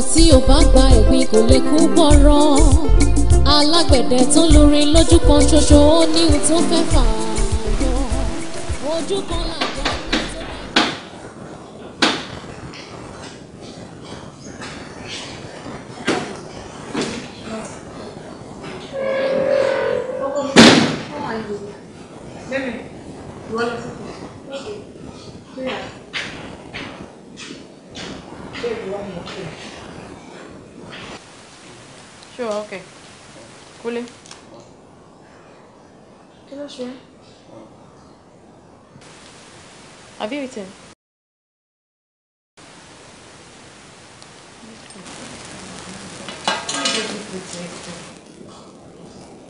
ọkọ̀ tí ò bá gba ẹ̀gbin kò lè kú bọ̀rọ̀ alágbẹ̀dẹ tó lórí lójú kan ṣoṣo ó ní ohun tó fẹ́ fà á yọ ojú kan láti. waiting.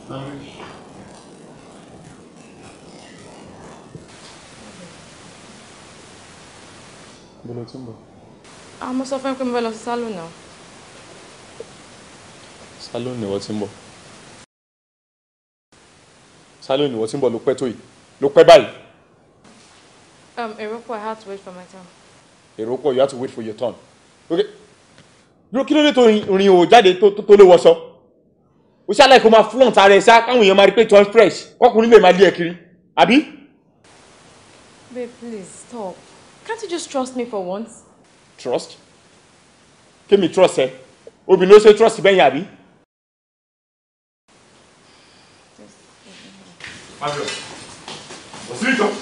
Um, Bolo tí ń bọ̀. A mo sọ fún ẹ pé mo fẹ́ lọ sí sálọ̀ náà. Sálọ̀ ni wọ́n ti ń Um, Iroko, I have to wait for my turn. Iroko, you have to wait for your turn. Okay. Iroko, kí ló dé tó rìn o jáde tó lè wọṣọ? O ṣáà láìpẹ́ máa flaunt ara ẹ̀ sá káwọn èèyàn máa rí pé church fresh. Ọkùnrin lè máa lé ẹ kiri. Abi. Babe, please stop. Can't you just trust me for once? Trust? Kémi trust ẹ. Obìnrin ló say trust bẹ́yìn àbí? Fabio, òsì ìjọ.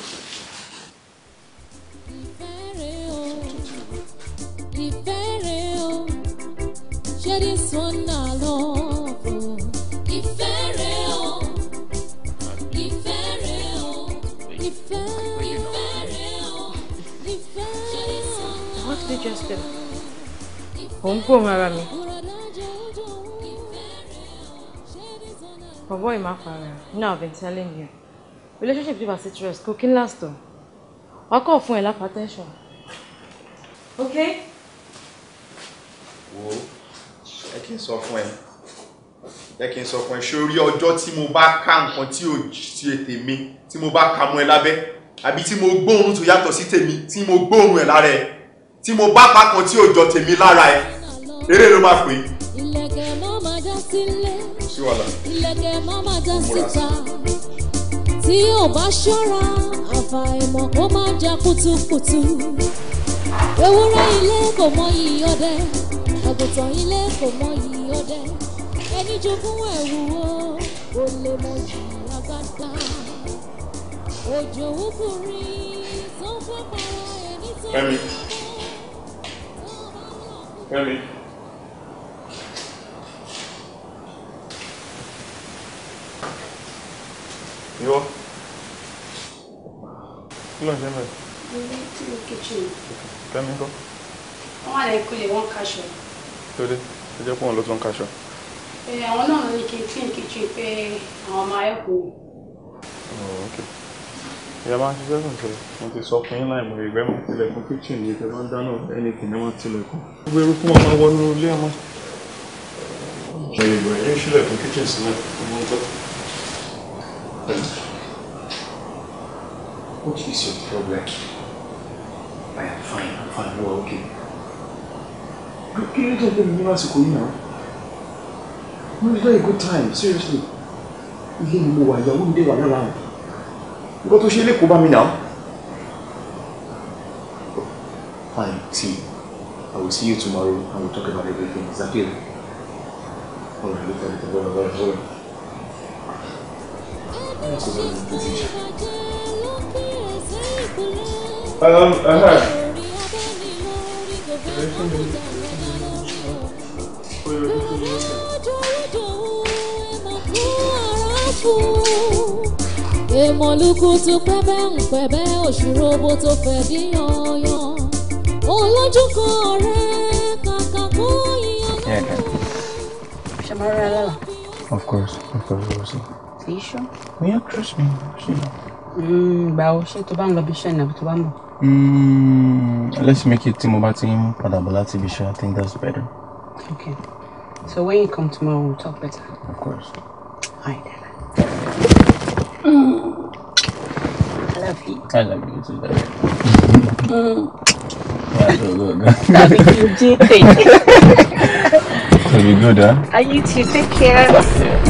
digestive ò ń gbóhùn ara mi bọ̀bọ̀ ìmáfara now I've been telling you relationship tí wàá sí Cooking kò kí ń last o wàá kọ̀ fún ẹ̀ lápá tension ok. wo ẹ kí n sọ fún ẹ jẹ́ kí n sọ fún ẹ sórí ọjọ́ tí mo bá ká nǹkan tí ò ṣe tèmi tí mo bá kà mọ́ ẹ lábẹ́ àbí tí mo gbóòórùn tó yàtọ̀ sí tèmi tí mo gbóòórùn ẹ̀ lára ẹ̀ tí mo bá pa tí ò tèmi lára ẹ eré ló máa pè tí ò bá ṣọ́ra àfàìmọ̀ kó máa já kùtùkùtù ewúrẹ́ ilé kò mọ iyì ọdẹ àgùntàn ilé kò mọ iyì ọdẹ ẹni jogún ẹ̀wù o ò lè mọ iyì agbádá òjò òkùnrin tó fẹ́ para ẹni tó. Rẹ́mi. Ìwọ. Kí ló ń ṣe mẹ́rin? Mo ní tí mo kéjì ní. Rẹ́mi kọ́. Wọ́n wà láì kulè wọ́n kaṣọ. Lóde, ẹ jẹ́ pé wọ́n ló tún kaṣọ. Àwọn náà ní kí n clean kitchen pé àwọn ọmọ ayọ́kùnrin. Oh, okay ìyá máa ń ṣiṣẹ́ sùn sọ mo ti sọ fún yín láì mọ̀ ìgbẹ́ máa tilẹ̀kùn kíchìn ní ìjọba ń dáná ẹni kìíní máa tilẹ̀kùn. gbogbo eruku wọn máa wọnú ilé ọmọ. ṣe ìgbà yín ṣílẹ̀kùn kíchìn sílẹ̀ ọmọ ọgbẹ́. What is your problem? I am fine, I'm fine, you are okay. Kí ló tó ń bẹ̀rẹ̀ ní lásìkò yìí náà? Mo ní very good time, seriously. Ilé mi mo wà, ìyàwó mi dé wà lára àwọn nǹkan tó ṣe lè kó bá mi náà. Fine, see. I will see you tomorrow and we'll talk about everything. Is that it? All right, look at it. All right, all Um, aha. Oh, uh, èmọ̀lùkù tún pẹ́bẹ́ ń pẹ́bẹ́ òṣùrò bó tó fẹ́ bí yanyan olójú kan ọ̀rẹ́ kàkà kó ìyàn náà. ṣe máa rẹ lọ́la. of course of course of course. are you sure. we are trust me ṣe. Hmm, gbà ó ṣé tó bá ń lọ bí iṣẹ́ ìnáwó tó bá ń bọ̀. Hmm, let's make it tí mo bá ti ń padà bọ̀ láti ibi iṣẹ́ i think that's better. okay so when you come tomorrow we'll talk better. of course. all right. kind of like you Yeah, so good. That'd be good, It'll be good, Are you too? Take Yeah.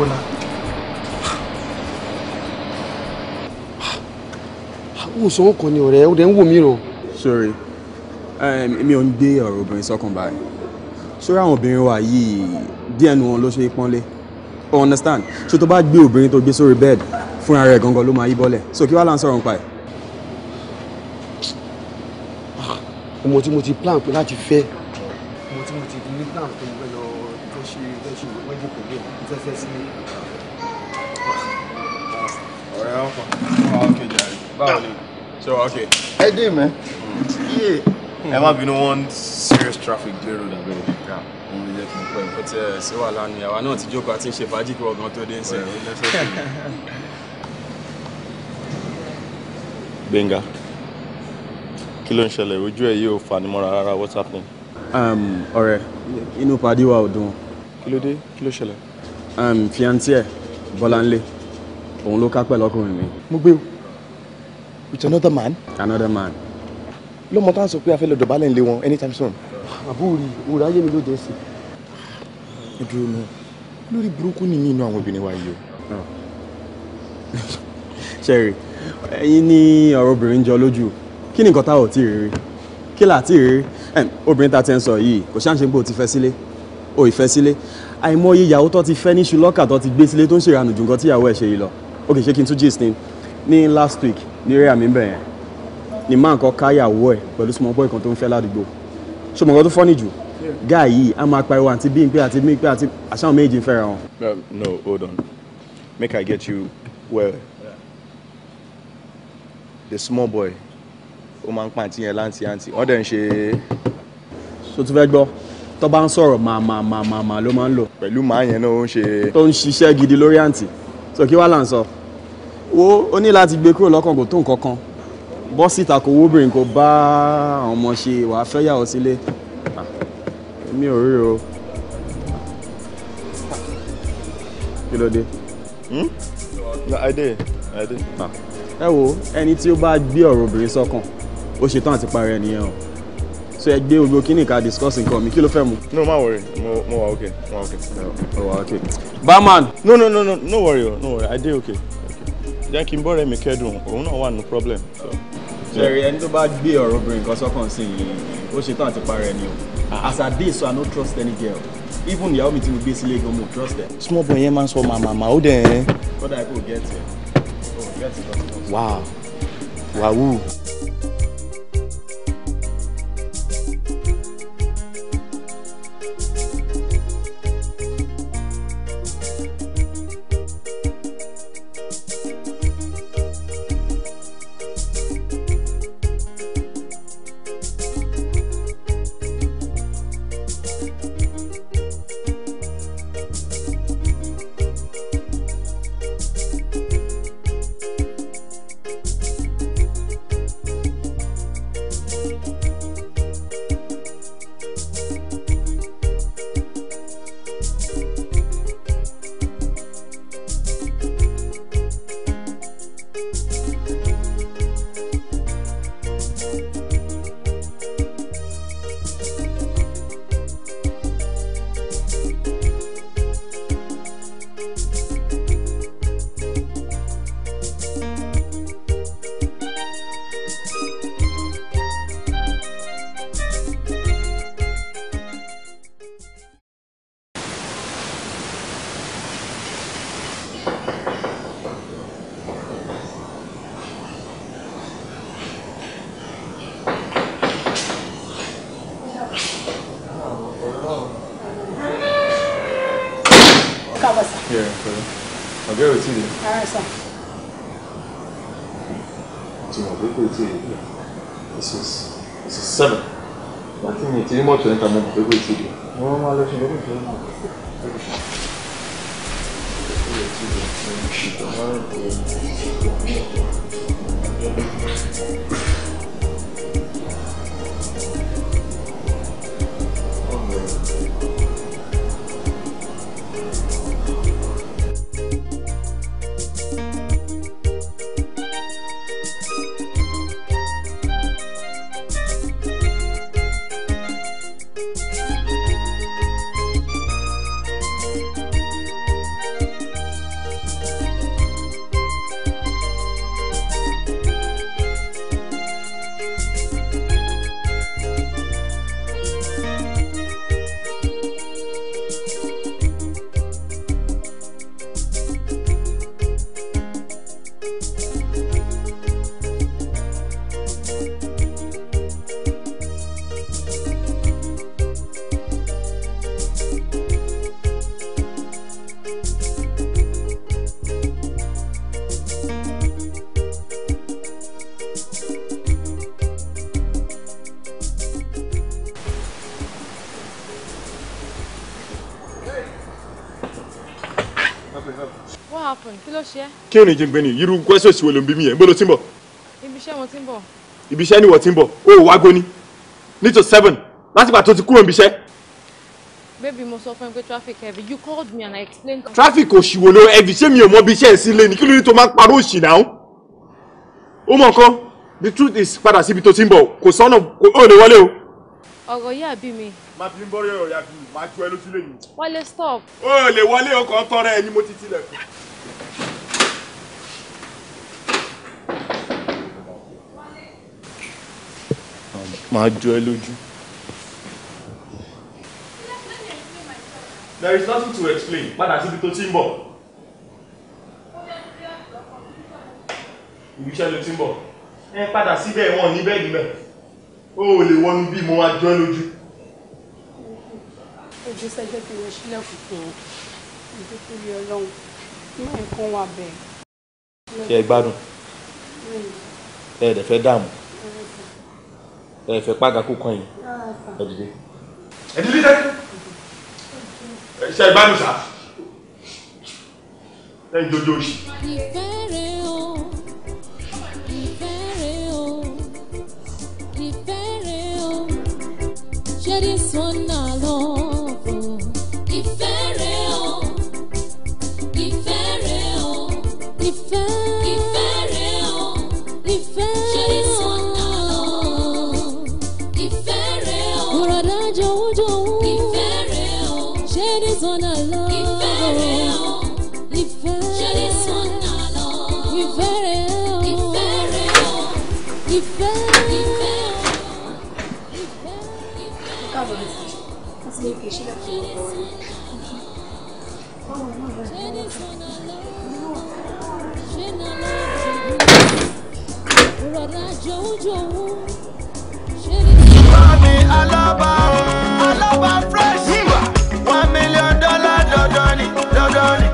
wọ́lá ó sọ wọn kàn ní ọ̀rẹ́ ó dẹ̀ ń wò mí rò. sorry èmi ò ń gbé ọ̀rọ̀ obìnrin sọ́kàn báyìí sórí àwọn obìnrin wa yìí díẹ̀ nu wọn ló ṣe é pọ́nlé o understand ṣé tó bá gbé obìnrin tó gbé sórí bẹ́ẹ̀dì fúnra rẹ̀ gangan ló máa yí bọ́lẹ̀ so kí wàá là ń sọ̀rọ̀ nípa ẹ̀. ọmọ tí mo ti plan pé láti fẹ́ ọmọ tí mo ti ní plan pé test me. ọ̀rẹ́ wọn kọ wọn ah, ok jàre báwo ni so ok. one serious traffic gbé road abẹ́rẹ́ kíkà òun lè jẹ́ kí n pẹ́ ẹ̀ I ẹ̀ sí wàhálà ni àwa náà ti jókòó àti ń ṣe fàájì kí ọgbọ́n tó dé ń Benga kí ló ń ṣẹlẹ̀ ojú ẹ̀ yóò fani mọ́ra rárá what's happening. Um, ọ̀rẹ́ inú You know, ò what I ló dé kí ló ṣẹlẹ̀. Um, fiancé ẹ̀ Bọ́láńlé òun ló kápẹ́ lọ́kùnrin mi. mo gbé o with another man. another man. lọ́mọ tá à ń sọ pé a fẹ́ lọ dọ̀bálẹ̀ ńlẹ̀ wọn anytime soon. àbúrò òòrùn ayé mi ló dé sí. ẹ dúró nù lórí burúkú ni yín inú àwọn obìnrin wa yìí o. Oh. ṣẹ́rì ẹ̀yin ní ọ̀rọ̀ obìnrin jọ lójú kí ni nǹkan tá ò tí ì rí kí là á tí ì rí obìnrin tá ti ń sọ yìí kò ṣáà ń ṣe pé o ti fẹ́ sílé o ì fẹ́ sílé àìmọye ìyàwó tó ti fẹ́ ní ṣùlọ́kà tó ti gbé sílé tó ń ṣèrànù jù nǹkan tí ìyàwó ẹ̀ ṣe yìí lọ ok ṣé kí n tún gist ni ní last week ní rẹ́yà mi bẹ̀ yẹn ni máa nǹkan ká ìyàwó ẹ̀ pẹ̀lú small boy kan tó ń fẹ́ ládùúgbò ṣé mo nǹkan tó funny jù guy yìí a máa pariwo àti bí n pé àti bí n pé àti àṣàwọn méjì ń fẹ́ra wọn. no hold on make i get you well yeah. the small boy ó máa ń pàǹtí yẹn láǹtí àǹtí wọ́n dẹ̀ ń ṣe. so tún fẹ́ gbọ́ tó bá ń sọ̀rọ̀ màá màá màá màá màá ló máa ń lò. pẹ̀lú màá yẹn náà ó ń ṣe. tó ń ṣiṣẹ́ gidi lórí àǹtí so kí wàá là ń sọ wo ó ní láti gbé kúrò lọ́kàn kò tó nǹkan kan bọ́ síta kò wóbìnrin kò bá àwọn ọmọ ṣe wàá fẹ́ yàwó sílé ah, mi ò rí o kí ló dé. Hmm? I did. Ah, ẹ wo ẹni tí ó bá gbé ọ̀rọ̀ obìnrin sọ́kàn ó ṣetán àti parẹ́ nìyẹn o so gbé ogbo kíní ká discuss nǹkan mi kí ló fẹ́ mu. no ma worry mo wa okay mo wa okay. mo wa okay. barman. no no no no no worry o no worry i dey okay. jẹ́ kí n bọ́rẹ̀ mi kẹ́dùn òun náà wà ní problem. jerry ẹni tó bá gbé ọ̀rọ̀ obìnrin kan sọ́kàn sí i ó ṣetán àti parẹ́ ni o as i dey so i no trust any girl even ìyàwó mi tí mo gbé sílé gan mo trust ẹ. small boy yẹn máa ń sọ màmá màá ó dẹ̀ ẹ́. kódà ẹ get ẹ kò get it. wow wàhù. Wow. ló ṣe é. kí òní jẹun gbẹni irú kwẹsọ ìṣòwò ló ń bí mi yẹn ń bọ́ ló ti ń bọ̀. ibiṣẹ́ mo ti ń bọ̀. ibiṣẹ́ ni wọ́n ti ń bọ̀ ó wá gbóni ní to seven látìgbà tó ti kúrò níbiṣẹ́. baby mo sọ fún ẹ pé traffic heavy you called me and I explained. traffic òṣìwò ló ẹbí ṣé mi ò mọ bí iṣẹ́ sí lé ní kí ló ní tó máa ń parọ́ òṣì náà. ó mọ̀ nǹkan the truth is padà síbi tó ti ń bọ̀ kò sọ́nà ó lè wọlé o ọ̀rọ̀ yà bí mi. má fi ń bọ́rẹ̀ ọ̀rọ̀ yà bí mi má ju ẹ lójú lẹ́yìn. wálé stop. o lè wọlé ọkọ̀ tọrẹ ẹni mo ti tilẹ̀. máa jọ ẹ lójú. There is nothing to explain. Padà síbi tó ti ń bọ̀. Ìbíṣẹ́ ló ti ń bọ̀. Ẹ padà síbẹ̀ wọn ní bẹ́ẹ̀ níbẹ̀. O ò lè wọnú bí mo wá jọ ẹ lójú. Ojú sẹ́jọ́ ti wọ sílẹ̀kùn fún un. Ìdí tó yẹ ọlọ́run. Má nǹkan wà bẹ́ẹ̀. Ṣé ẹ gbádùn? Hmm. Ẹ dẹ̀ fẹ́ dààmú ẹ fẹ́ pàgà kó kàn yín ah, ẹ dìde. ẹ dìde dẹ ṣe é gbádùn sá ẹ ń jojo sí. ìfẹ́ rẹ̀ o ìfẹ́ rẹ̀ o ìfẹ́ rẹ̀ o ṣé this one na ìfẹ́. one I love. Ìfẹ́ rẹ̀ o. Ìfẹ́ rẹ̀ o. Ṣé this one I love? Ìfẹ́ rẹ̀ o. Ìfẹ́ rẹ̀ o. Ìfẹ́ rẹ̀ o. Káàbọ̀ mi, wọ́n ti ní kí n ṣe láti wọ́n bọ̀ ọ́. Báwo ni wọ́n rẹ̀ ń bọ̀? Ṣé na lọ́ọ̀tì rọra jòwújòwú? Ṣé ní. Bá mi alábàá, alábàá fresh one million dollar dandan ni dandan ni.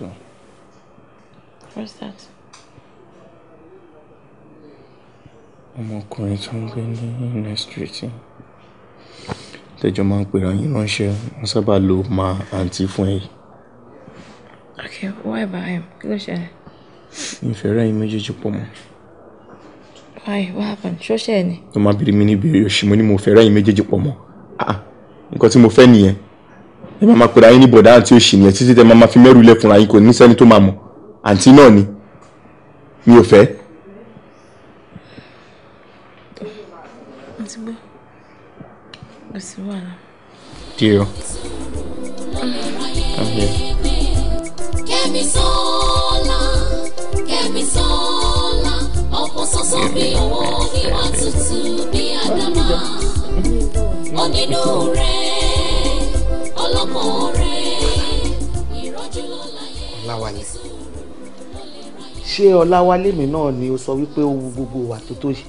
So. What's that? ọmọkùnrin tó ń gbé ní next street tẹjọ máa ń pera yín ránṣẹ́ wọn sábà lo máa àǹtí fún ẹ. okay why about him kí ló ṣẹlẹ̀. ìfẹ́rẹ́ yín méjèèjì pọ̀ mọ́. why what happened ṣó ṣe ẹ ni. tó máa bèrè mi ní ìbéèrè òṣì mo ní mo fẹ́rẹ́ yín méjèèjì pọ̀ mọ́ ah, nǹkan tí mo fẹ́ nìyẹn ẹ máa máa pèrè ayé ní bọ̀dá àǹtí òṣì nìyẹn títí tẹ máa máa fi mẹ́rù ilẹ̀ fúnra yín kò ní sẹ́ni tó máa mọ̀ àǹtí náà ni mi ò fẹ́. Deal. I'm here. Kẹ́mi sọ́ọ́lá, Kẹ́mi sọ́ọ́lá, ọ̀pọ̀ sọ́sọ́ bí ọwọ́ wíwá tútù bí àdàmà, onídùú rẹ̀ ọláwálé ṣé ọláwálé mi náà ni ó sọ wípé ó wu gbogbo wa tó tó yìí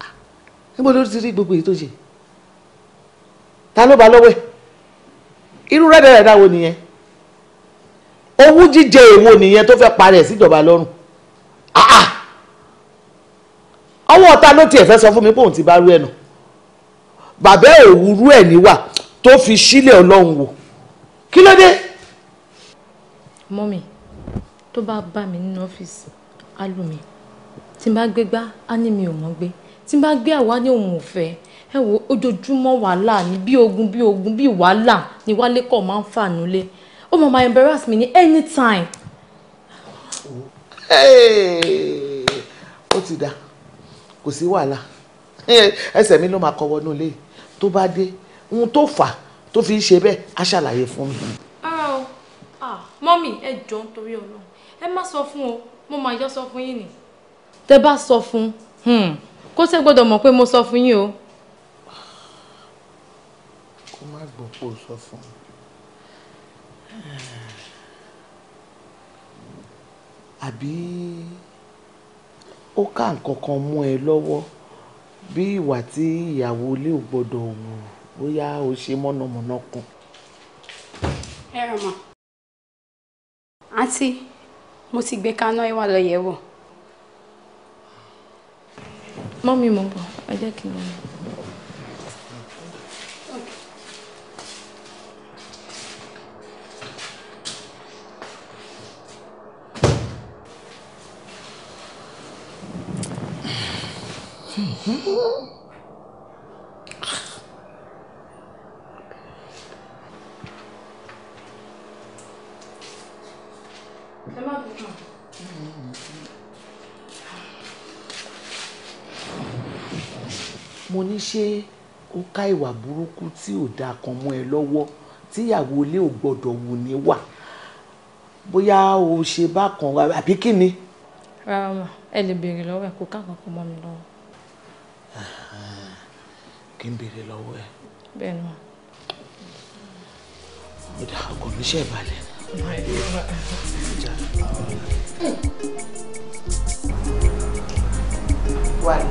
ah, níbo ló ti rí gbogbo èyí tó ṣe ta ló ba lọ́wọ́ ẹ̀ irú rẹ́dẹ̀rẹ́dà wo nìyẹn owú jíjẹ èwo nìyẹn tó fẹ́ parẹ́ síjọba lọ́rùn ah, ah! ọwọ́ ọ̀tá ló tiẹ̀ fẹ́ sọ fún mi pé òun ti bá rú ẹ̀ nù bàbá òwúrú ẹ̀ níwà tó fi sílẹ̀ ọlọ́run wò kí ló dé. mọ́mì tó bá bá mi nínú ọ́fíìsì á lù mí tí n bá gbé gbá á ní mi ò mọ́ gbé tí n bá gbé àwa ní òun ò fẹ́ ẹ wo ojoojúmọ́ wàhálà ni bí ogun bí ogun bí wàhálà ni wálé kọ̀ máa ń fà nulẹ̀ ó mọ̀ máa embarrass me ní anytime. ó ti dà kò sí wàhálà ẹsẹ̀ mi ló máa kọ́ wọnú ilé tó bá dé ohun tó fà á tó fi ń ṣe bẹ́ẹ̀ á ṣàlàyé fún mi. mọ́mì ẹ jọ̀ọ́ nítorí ọlọ́run ẹ má sọ fún o mo máa yọ sọ fún yín ni. tẹ bá sọ fún hmm, kó tẹ gbọ́dọ̀ mọ̀ pé mo sọ fún yín o. kó má gbọ́ pé o sọ fún un. àbí ó ká nǹkan kan mú ẹ lọ́wọ́ bí ìwà tí ìyàwó ilé ò gbọ́dọ̀ wù ú bóyá o ṣe mọ̀nàmọ́ná kan. ẹ ràn mọ́ àǹtí mo ti gbé kaná ẹ wà lọ yẹ̀ wò. mọ́mí mo bọ̀ ẹ jẹ́ kí n lọ. ṣé ó ká ìwà burúkú tí ò dáa kan mọ́ ẹ lọ́wọ́ tíyàwó ilé ò gbọ́dọ̀ wù ní wà bóyá o ṣe bákan àbí kí ni. rárá mà ẹ lè béèrè lọ́wọ́ ẹ kó káàkan kan mọ́ mi lọ́wọ́. kí n béèrè lọ́wọ́ ẹ. bẹ́ẹ̀ ni mà. ó dà mi ṣe balẹ̀. wàá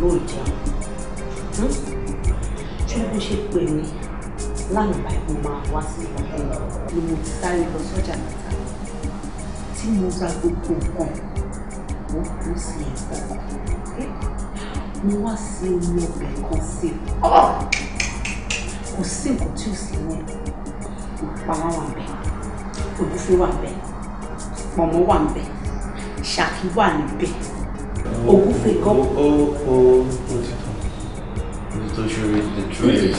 lóòótọ́ hmm? ṣé bó ṣe pè mí lánàá báyìí mo máa wá sí ìpàdé ni mo ti sáré lọ sọ́jà mẹ́ta tí mo ra gbogbo nǹkan mo kú sí ẹ̀kọ́ mo wá sí omi ọbẹ̀ kan sí kò sí nǹkan tí ò sí wọn ìpara wà ń bẹ ògúfe wà ń bẹ pọ̀nmọ́ wà ń bẹ ṣàkí wà níbẹ̀. Oh, ògúnfè kan. ó ó ó ti tán ibi tó ṣe rí the truth.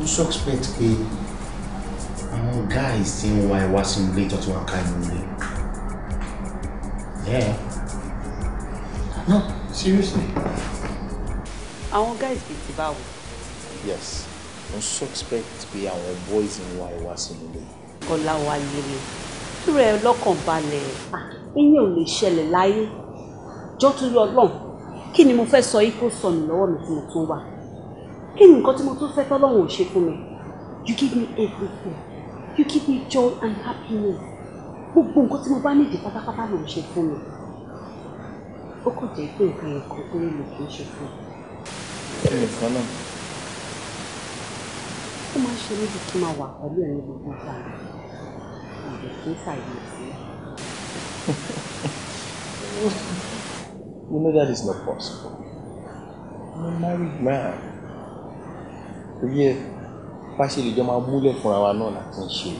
mo suspect pé àwọn guys ti ń wa ìwà sínú ilé ìtọ́jú wọn ká inú ilé. Yeah. No, seriously. Àwọn guys bìí ti báwo? Yes mo suspect pé àwọn boys ń wá ìwà sínú ilé. Ọláwálé túrẹ̀ lọ́kàn balẹ̀ ìyẹn ò lè ṣẹlẹ̀ láyé jọ́ tó yọ ọlọ́run kí ni mo fẹ́ sọ yìí kó sọnù lọ́wọ́ mi tí mo tún wà kí ni nǹkan tí mo tún fẹ́ tọ́lọ́run ò ṣe fún mi you give me everything you give me joy and happiness gbogbo nǹkan tí mo bá nídìí pátápátá ló ń ṣe fún mi ó kàn jẹ́ pé nǹkan ẹ̀kọ́ tó lè lò kí n ṣe fún mi. ẹnìkan náà ó máa ń ṣe mí ju kí n máa wà pẹ̀lú ẹ̀rín gbogbo ìgbà ìgbà kí n sí. You know that is not possible. I'm a married man. Oyè bá ṣe lè jọ máa múlẹ̀ fúnra wa náà láti ń ṣe.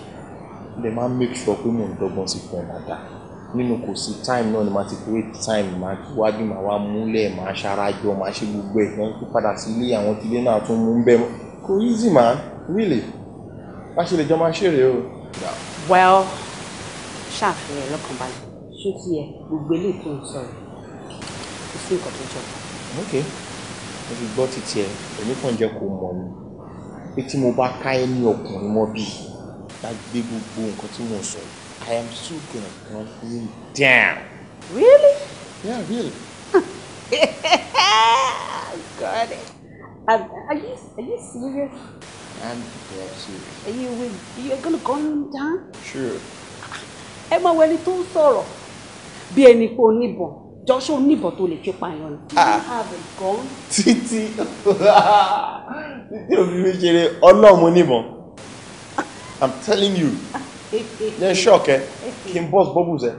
Lè máa make sure pé mò ń dọ́gbọ́n sí fún ẹ dáadáa. Nínú kò sí time náà ni màá ti create time màá wádìí màá wá múlẹ̀ màá ṣarajọ màá ṣe gbogbo ẹ̀ kí wọ́n tún padà sí ilé àwọn tilé náà tún mú un bẹ́ẹ̀. Kò easy man really bá ṣe lè jọ máa ṣeré o. well ṣàfihàn lọ́kàn balẹ̀ ṣé tí ẹ gbogbo eléyìí tó ń sọ̀rọ̀ kò sí nǹkan tó jọ. ok mo ti gbọ́ títí ẹ èmi kàn jẹ́ kó mọ̀ ni pé tí mo bá ká ẹ ní ọkùnrin mọ́ bí dágbé gbogbo nǹkan tí mo sọ I am still gonna come in down. really? yeah really. God, um, are you are you serious? and they are you will you are gonna gun him down? Sure. Emma, when wẹni too sorrow, be any for pé oníbọn jọ́ṣọ́ oníbọn tó lè fi pààyàn ni. Ah. Títí títí òbí mi I'm telling you. Yẹn ṣọ́ọ̀kẹ́ kí n bọ́ọ̀sì bubbles, eh?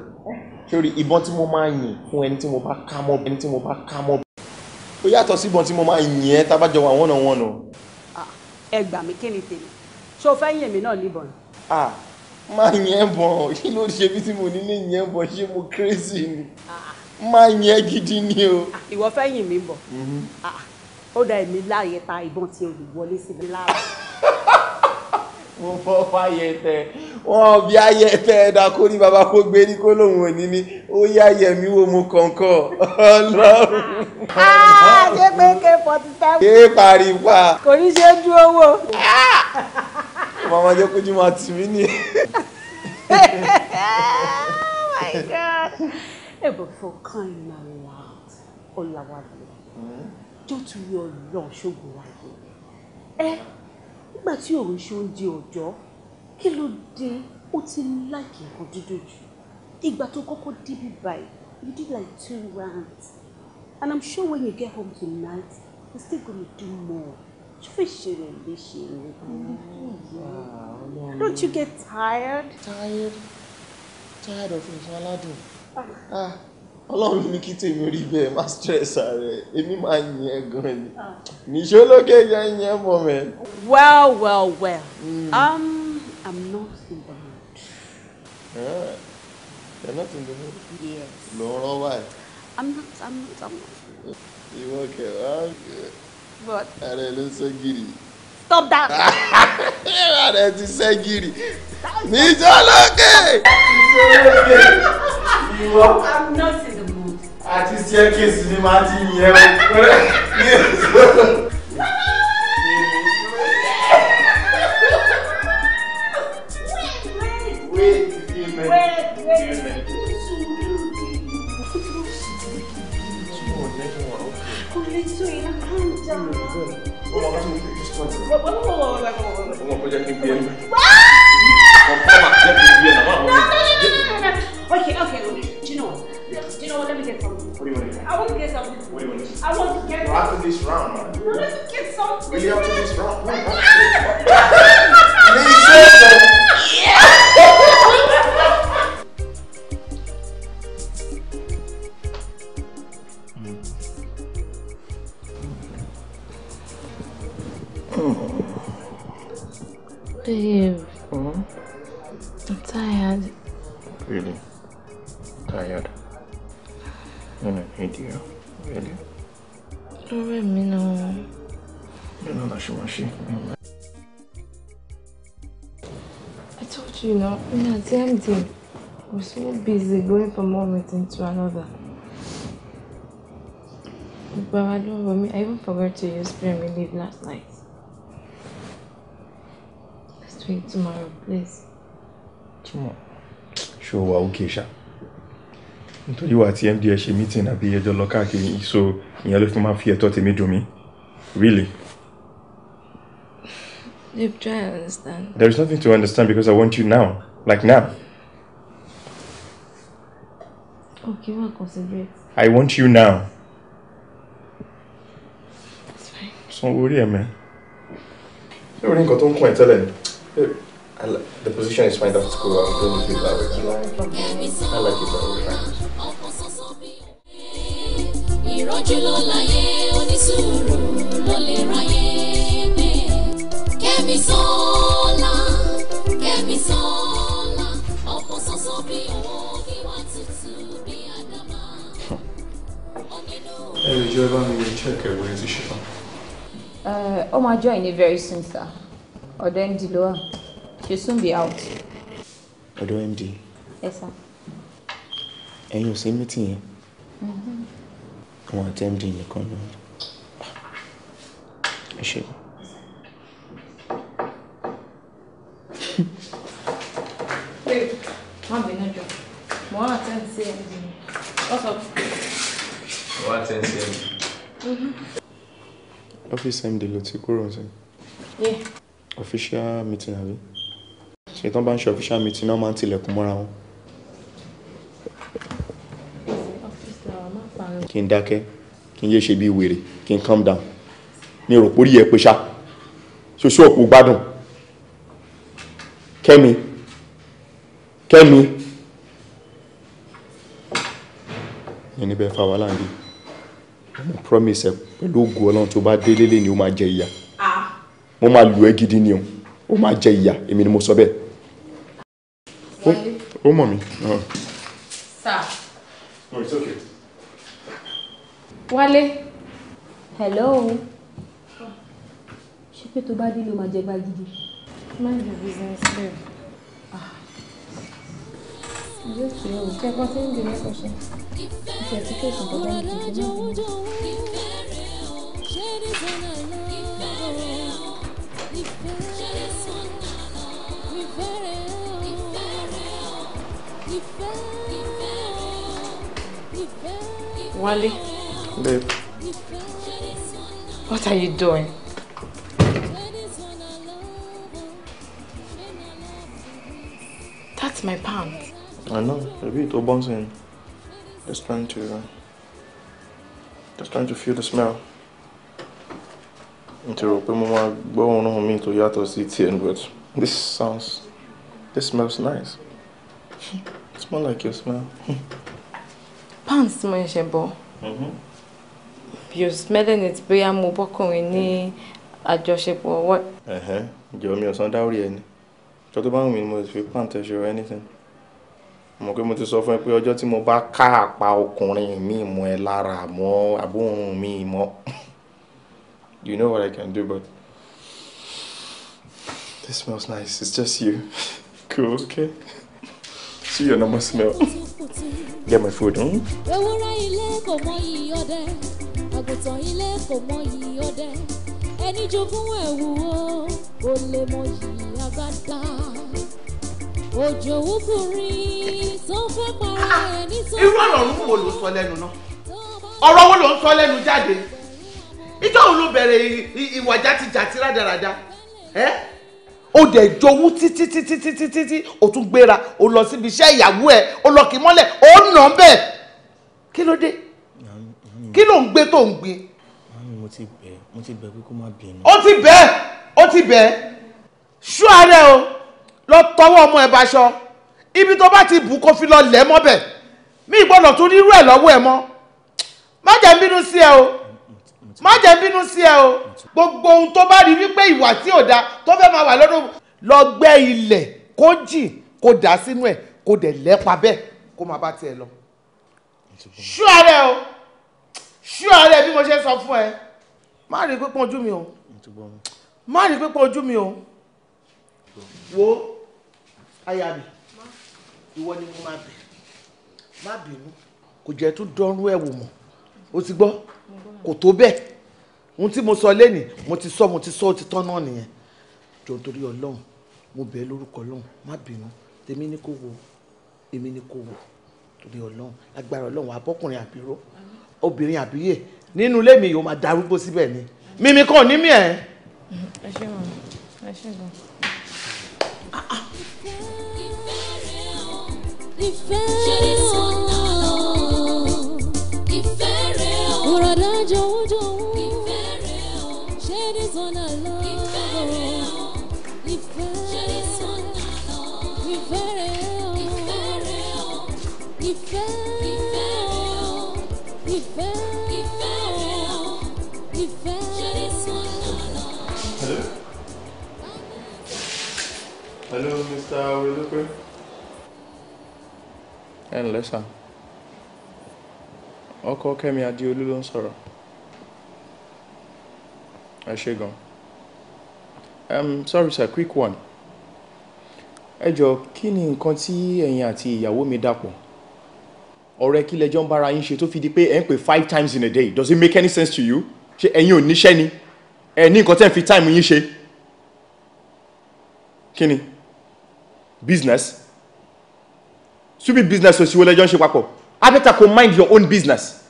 Sori ìbọn tí mo máa yìn fún ẹni tí mo bá ká mọ́ ẹni tí mo bá ká mọ́. Ó yàtọ̀ sí ìbọn tí mo máa yìn ẹ́ tábàjọ wà ẹ gbà mí kí ni tèmi ṣé o fẹ́ yìn mí náà níbọn. a máa yẹn bọ̀n kí ló ṣe bí tí mo nílé yẹn bọ̀ ṣé mo crazy ni máa yẹn gidi ni o. ìwọ fẹ́ yìn mí bọ̀ mm-hmm. ó da èmi láàyè ta ìbọn tí o lè wọlé sí mi lára. mo fọ́ fáyẹ tẹ wọn bí ayẹ fẹ́ ẹ̀dá kó ní bàbá kó gbé ní kó lòun òní ní ó yá yẹmí wo mo kọ̀ǹkọ̀ ọlọ́run. Ah, ṣé pé k forty seven. ké paripa. kò ní ṣe dúró wò. màmá jẹ́ kójú tì mí ni. oh my god. ẹ bọ̀ for crying out loud ọ̀làwàdì hmm? tó tún yọ ọ̀lọ́ ṣògùn wáyé. ẹ nígbà tí òun ṣe oúnjẹ ọjọ́ kí ló dé ó ti láìkì nǹkan dúdú jù ìgbà tó kọ́kọ́ débi báyìí you did like two rounds and i'm sure when you get home tonight you're still gonna do more ṣé fẹ́ ṣe rẹ̀ léṣe rẹ̀ don't you get tired. tired tired of nǹkan aládùn ah. ah ọlọ́run ní kí tèmi rí bẹ́ẹ̀ má stress ààrẹ èmi máa yìn ẹ́ gan ni ah. níṣó lókè yẹn yẹn mọ́ mẹ́. well well well. Mm. Um, I'm not in the mood. Yeah, you're not in the mood? Yes. No, no, why? I'm not, I'm not, I'm not. You okay, okay. But. Ara ẹ ló ń sọ gírì. Stop that! Ara giddy. ti all okay. Níjọ́ all okay. You Ìwọ. I'm not in the mood. I just ni màá ti yẹ o. Níjọ́ lókè. wait ilẹ̀. wait wait ilẹ̀. Kule tu ina kanja. Ọmọ kan tó ń fi just twenty. Wọ́n wọ́n wọ́n wọ́n wọ́n. Ọmọ kan jẹ́ kí n bí ẹnu. Ọ̀pọ̀ máa jẹ́ kí n bí ẹnu. No no no no no. Okay okay okay. Do you know what? Do you know what? Let me get something. What do you want to get? I want to get something. What do you want to get? I want to get. Well, after this round, man. No, let me get something. Really after this round? Please say so. Dave. Hmm? I'm tired. Really? Tired? You're an idiot. Really? Don't let me know. You're not a shimashi. I told you, you know, when I DM'd him, I was so busy going from one meeting to another. But I don't know, I even forgot to use spring relief last night. do tomorrow, please. Tomorrow. Sure, we'll okay, ṣá. Nítorí wà tí MD ẹ ṣe meeting àbí ẹjọ́ lọ káàkiri, so ìyẹn ló fi máa fi ẹ̀tọ́ tèmi dùn mí. Really? You try to understand. There is nothing to understand because I want you now. Like now. Okay, oh, we'll concentrate. I want you now. It's fine. Sanwó-orí ẹ̀ mẹ́. Ṣé o rí nǹkan tó ń kún ẹ̀ tẹ́lẹ̀ ni? I like, the position is fine, that's cool. I'm doing it that way. I like it that way. ìrọ́jú ló láyé onísùúrù ló lè ráyé check ẹ wọ ẹ ti ṣe tán. ọ uh, máa very soon sir. ọ̀dọ̀ md ló wà she soon be out. ọ̀dọ̀ md. ẹ sá. ẹ̀yin ò sí mítìn yẹn. Mm-hmm. wọn àti md nìkan náà. ẹ ṣe. babe má bínú jọ mo wá attend sí md what's up. mo wá attend sí md. Mm-hmm. ọ́fíìsì md ló ti kúrò sí. yeah. Official meeting àbí? Ṣé tí bá ń ṣe official meeting náà máa ń tilẹ̀kùn mọ́ra wọn? Kí n dákẹ́, kí n yé ṣe bí wèrè, kí n calm down. Mi rò pé orí ẹ pé ṣá. Ṣoṣo òpó gbádùn. Kẹ́mi. Kẹ́mi. Ní níbẹ̀ fa wàhálà ń bí. promise ẹ pẹ̀lú ògo Ọlọ́run tó bá délé lé ni ó máa jẹ ìyà mo máa lù ẹ́ gidi ni o ó máa jẹ ìyà èmi ni mo sọ bẹ́ẹ̀. ó mọ̀ mi. wálé. hello. ṣé pé tó bá dé ló máa jẹ gbá gidi. mind your business babe. ìjọ ah. tí o kẹ kọ́ sí ìdí ní kọ́ṣẹ́ ìjọ tí kò sùn tó bá ń kí Wale. Babe. What are you doing? That's my pants. I know. a bit of bouncing. Just trying to... Uh, just trying to feel the smell. n ti rò pé mo máa gbọ́ òórùn mi tó yàtọ̀ sí tiẹ̀ but this sounds this smells nice it smells like your smell. pants mo ṣe bọ you smelling it bóyá mo bọ́kùnrin ní mm-hmm. àjọṣepọ̀ ọwọ́. jọ mi ọ̀sán dáwọ́rì ẹni ìjọ tó bá wù mí mo fi pant ẹ ṣe or anything mo pé mo ti sọ fún ẹ pé ọjọ́ tí mo bá ká àpá ọkùnrin mi mọ́ ẹ lára mọ́ àbóhùn mi mọ́ you know what I can do, but this smells nice. It's just you. cool, okay? See your normal smell. Get my food, hmm? ẹni jogún ẹ̀wù o, kò lè mọ iyì agbádá. Òjò wúkúrin tó fẹ́ para ah, ẹni tó. Irú ọ̀rọ̀ ọ̀run wo ló ń sọ lẹ́nu náà? Ọ̀rọ̀ wo ló ń sọ lẹ́nu jáde? ìjọ òun ló bẹ̀rẹ̀ ìwà játijàti rádaràda ẹ́ o dẹ̀ jowú títí títí títí títí o tún gbéra o lọ síbi iṣẹ́ ìyàwó ẹ̀ o lọ kì í mọ́lẹ̀ o nà bẹ́ẹ̀ kí ló dé kí ló ń gbé tó ń gbé. mo ti bẹ̀ mo ti bẹ̀ pé kó má bínú. o ti bẹ̀ o ti bẹ̀ ṣú ara ẹ o lọ tọwọ́ ọmọ ẹ báṣọ ibi tó bá ti bù kó fi lọ lẹ̀ mọ́bẹ̀ mi ìgbọ́dọ̀ tún rírú ẹ̀ lọ́wọ́ ẹ mọ́ má jẹ́ bínú sí ẹ o má jẹ́ bínú sí ẹ o gbogbo ohun tó bá rí wípé ìwà tí ò da tó fẹ́ máa wà lọ́dún lọ gbẹ́ ilẹ̀ kó jìn kó dà sínú ẹ̀ kó dẹ̀ lẹ́pa bẹ́ẹ̀ kó máa bá tiẹ̀ lọ. ṣú ààrẹ o ṣú ààrẹ bí mo ṣe sọ fún ẹ má rí pípọ́n ojú mi o má rí pípọ́n ojú mi o wo aya mi ìwọ ni mo máa bẹ̀ má bínú kò jẹ́ tún dánrú ẹ̀ wò mọ́ o ti gbọ́ kò tó bẹ́ẹ̀ ohun tí mo sọ lẹ́nìí mo ti sọ mo ti sọ ó ti tán náà nìyẹn jọ nítorí ọlọ́run mo bẹ̀ẹ́ lórúkọ ọlọ́run má bínú tèmi ní kò wò èmi ní kò wò torí ọlọ́run agbára ọlọ́run abọ́kùnrin àbíró obìnrin àbíyè nínú ilé mi yóò máa darúgbó síbẹ̀ ni mímí kàn ní mí ẹ̀. ẹ ṣe mọ ẹ ṣe mọ. ìfẹ́ rẹ̀ ó ìfẹ́ rẹ̀ ó sọ́nà lọ. Ìfẹ́ rẹ̀ o. Ìfẹ́ rẹ̀ sọ́nà lọ. Ìfẹ́ rẹ̀ o. Ìfẹ́ rẹ̀ o. Ìfẹ́ rẹ̀ o. Ìfẹ́ rẹ̀ o. Ìfẹ́ rẹ̀ sọ́nà lọ. Hello. Hello, Mr. Olólùpé. Ẹ ǹlẹ́ sà. Ọkọ Kẹ́mi Adéolú ló ń sọ̀rọ̀ ẹ ṣe gan um, sorry sir quick one ẹ jọ kí ni nǹkan tí ẹ̀yin àti ìyàwó mi dàpọ̀ ọ̀rẹ́ kí lẹjọ́ ń bára yín ṣe tó fi di pé ẹ̀ ń pè five times in a day does it make any sense to you ṣé ẹ̀yin ò níṣẹ́ ni ẹ̀ ní nǹkan tẹ́ ń fi time yín ṣe kí ni business stupid business ò sí wo lẹjọ́ ń ṣe papọ̀ abẹ́ta kò mind your own business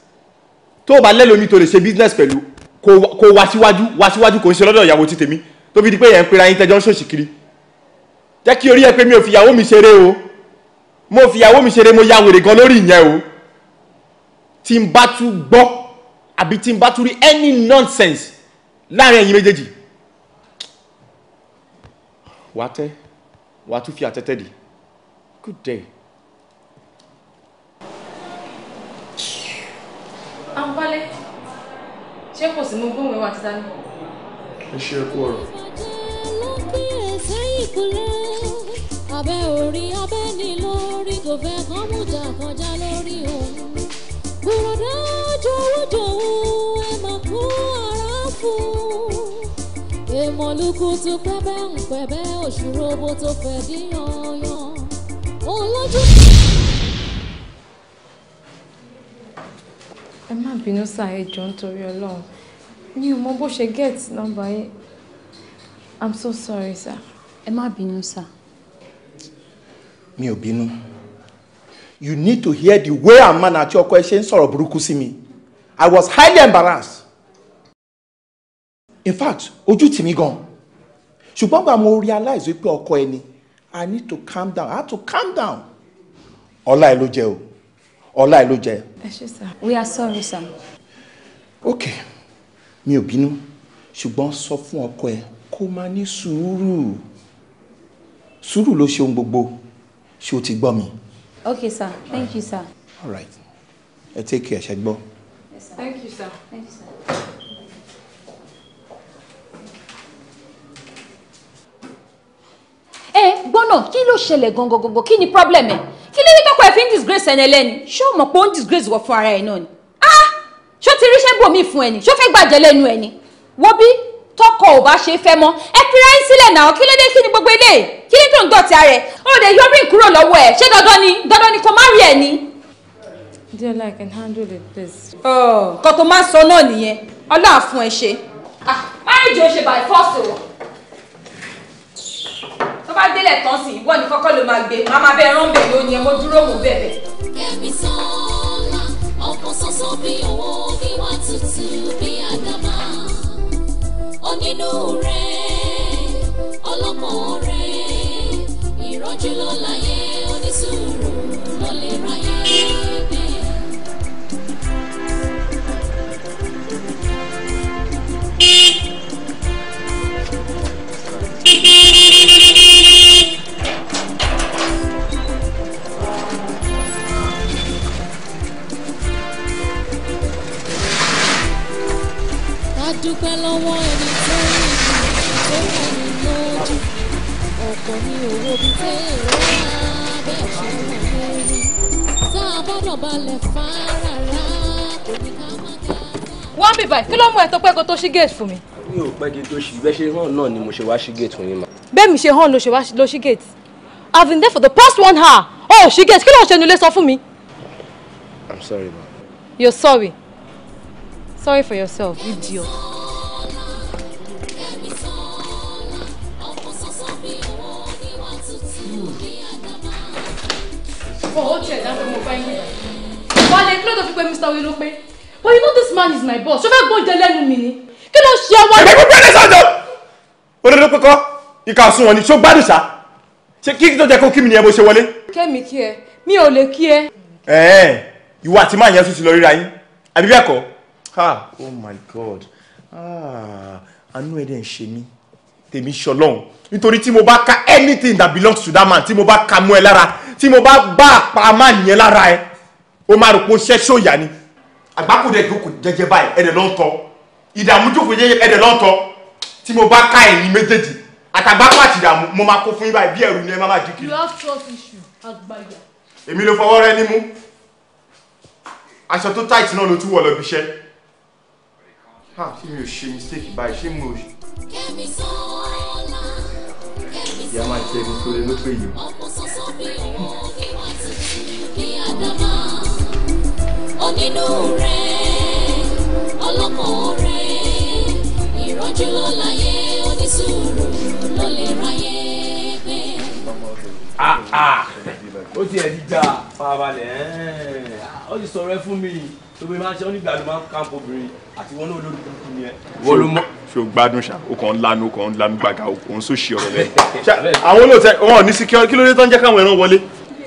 tó o bá lẹ́lòmí tó lè ṣe business pẹ̀lú kò wá síwájú wá síwájú kò ń ṣe lọ́dọ̀ ìyàwó ti tèmi tó fi di pé yẹn ń pera yín tẹjọ́ ń ṣòṣì kiri jẹ́ kí orí ẹ pé mi ò fi ìyàwó mi ṣeré o mo fi ìyàwó mi ṣeré mo ya wèrè gan lórí ìyẹn o tí n bá tún gbọ́ àbí tí n bá tún rí any nonsense láàrin ẹ̀yin méjèèjì wàá tẹ́ wàá tún fi àtẹ́tẹ́ dì good day. àwọn balẹ̀ ṣé kò sí mú gbóhùn ẹwà ti dání. ẹ ṣe ẹ kú ọ̀rọ̀. abẹ́ orí abẹ́ ni lórí kò fẹ́ kán mú jà kọjá lórí òun. bùrọ̀dá jọ̀wọ́jọ̀wọ́ ẹ máa kú ara fún. èèmọ̀lùkù tó pẹ́ bẹ́ẹ̀ ń pẹ́ bẹ́ẹ̀ òṣùrò bó tó fẹ́ díyan yan. òun lójú. ẹ má bínú sá ẹ jọ̀ọ́ nítorí Ọlọ́run mi ò mọ bó ṣe get nọ́mbà yín i'm so sorry sir. ẹ má bínú sá. mi ò bínú you need to hear the way a man àti ọkọ ẹ ṣe ń sọ̀rọ̀ burúkú sí mi i was highly embarrassed in fact ojú tì mí gan ṣùgbọ́n gba mo realize wípé ọkọ ẹni i need to calm down i had to calm down ọlá ẹ ló jẹ o ọlá ẹ ló jẹ. we are sorry sir. ok mi ò bínú ṣùgbọ́n sọ fún ọkọ ẹ kó máa ní sùúrù sùúrù ló ṣe ohun gbogbo ṣé o ti gbọ́ mi. ok sir thank you sir. all right ẹ take care ṣe gbọ́. yes thank you sir. Thank you, sir. ẹ eh, gbọ́nà kí ló ṣẹlẹ̀ gangan gangan kí ni problem ẹ̀ kí ló dé tọ́kọ ẹ̀ fi ń disgrace ẹni ẹlẹ́ni ṣé o mọ̀ pé ó ń disgrace wọ fún ara ẹ̀ náà ni ah ṣó ti ríṣẹ́ bòmí fún ẹni ṣó fẹ́ gbàjẹ́ lẹ́nu ẹni wo bí tọkọ ò bá ṣe fẹ́ mọ́ ẹ fi ráyín sílẹ̀ náà kí ló dé kí ni gbogbo ilé kí ni tó ń dọ̀tí ara ẹ̀ ó lè yọrí kúrò lọ́wọ́ ẹ̀ ṣé dandan ni dandan ni kò má rí ẹ̀ ni. Deola, I can handle it, please. Oh, kò tó máa sọ náà nìyẹn ọlọ́run fún ẹ ṣe. ah marriage ò ṣe by force o tó bá délẹ̀ tán sí ìwọ ní kọ́kọ́ ló máa gbé màmá bẹ́ẹ̀ rán bẹ́ẹ̀ lónìí ẹ mo dúró mo bẹ̀bẹ̀. kẹ́mi sọ́la ọkàn sọ́sọ́ bí owó wíwá tútù bí àdàbà onínú rẹ̀ ọlọ́mọ rẹ̀ ìrọ́jú ló láyé onísùúrù ráyé Beep. dúpẹ́ lọ́wọ́ ẹni tó rí mi tó mọ̀ mí lójú ọ̀pọ̀ mi ò wo bí pé ìrora bẹ́ẹ̀ ṣe wà lórí tá a bọ́dọ̀ balẹ̀ fà rárá kò ní ká má ká. wọ́n bì báyìí kí ló mú ẹ tó pẹ́ kó tó ṣí gate fún mi. mi ò pẹ́ kí tó ṣí bẹ́ẹ̀ ṣe hàn náà ni mo ṣe wá ṣí gate fún yín mà. bẹ́ẹ̀ mi ṣe hàn ló ṣe wá ló ṣí gate I've been there for the past one hour oh ṣí gate kí ló ṣe nílé sọ fún mi. I'm sorry ma. You're sorry. Sorry for yourself, idiot. for all tiẹ̀ dáńpẹ́ mo fẹ́ yín. Wálé kí ló tó fi pé Mr. Oyin ló pé? But you know this man is my boss. Ṣé fẹ́ gbóúnjẹ lẹ́nu mi ni? Kí ló ṣe ọwọ́? Ẹ̀mí gbogbo ẹ̀rẹ́ sọ̀jọ̀. Olódó kọ́kọ́, ìka ọ̀sùn wọn ni ṣó gbádùn sá. Ṣé kí tó jẹ́ kó kí mi ni ẹ bó ṣe wọlé? Kẹ́mi kí ẹ, mi ò lè kí ẹ. Ẹ̀ẹ́ ìwọ àti máa yẹn tún ti lọ ríra yín. Àbí bẹ́ẹ̀ kọ́? Ha! Oh my God! Àánú ah, ẹ̀dẹ̀ ń ṣe mí. Tèmi ṣọlọ́run. Nítorí tí mo bá ka anything that belongs to that man tí mo bá ka mú ẹ lára tí mo bá bá àpá má nìyẹn lára ẹ o máa rò pé o ṣẹ́ ṣòyà ni àgbákòdẹ ìjókòó jẹjẹ báyìí ẹ̀dẹ̀ ló ń tọ́ ìdààmú jókòó jẹjẹ ẹ̀dẹ̀ ló ń tọ́ tí mo bá ká ẹ̀yìn méjèèjì àtàgbákò àti ìdààmú mo máa kó fún yín báyìí bí ẹ̀rù ni ẹ má máa jí kiri. you have trust issue àgbàyà. èmi ló fọwọ́ rẹ nímú aṣọ tó tight náà ló tún wọ̀ lọ bí iṣẹ́ ha ṣé mi ò ṣe mistake báyìí ló pè yìí. Ah ah! ọlọ́kàn rẹ̀ ìrọ́jú ló láyé onísùúrù ló lè ráyé ti já ẹ fún mi tóbi máa ń ṣe onígbà ló máa ń kàn obìnrin àti wọn náà lórí burúkú ni ẹ. wọ́n ló mọ ṣò gbádùn ṣá o kàn ń lanu o kàn ń lanu gbàgà o kò ń so ṣe ọ̀rọ̀ rẹ. àwọn olóòtú wọn ò ní sí kí ló dé tó jẹ́ káwọn ẹran wọlé.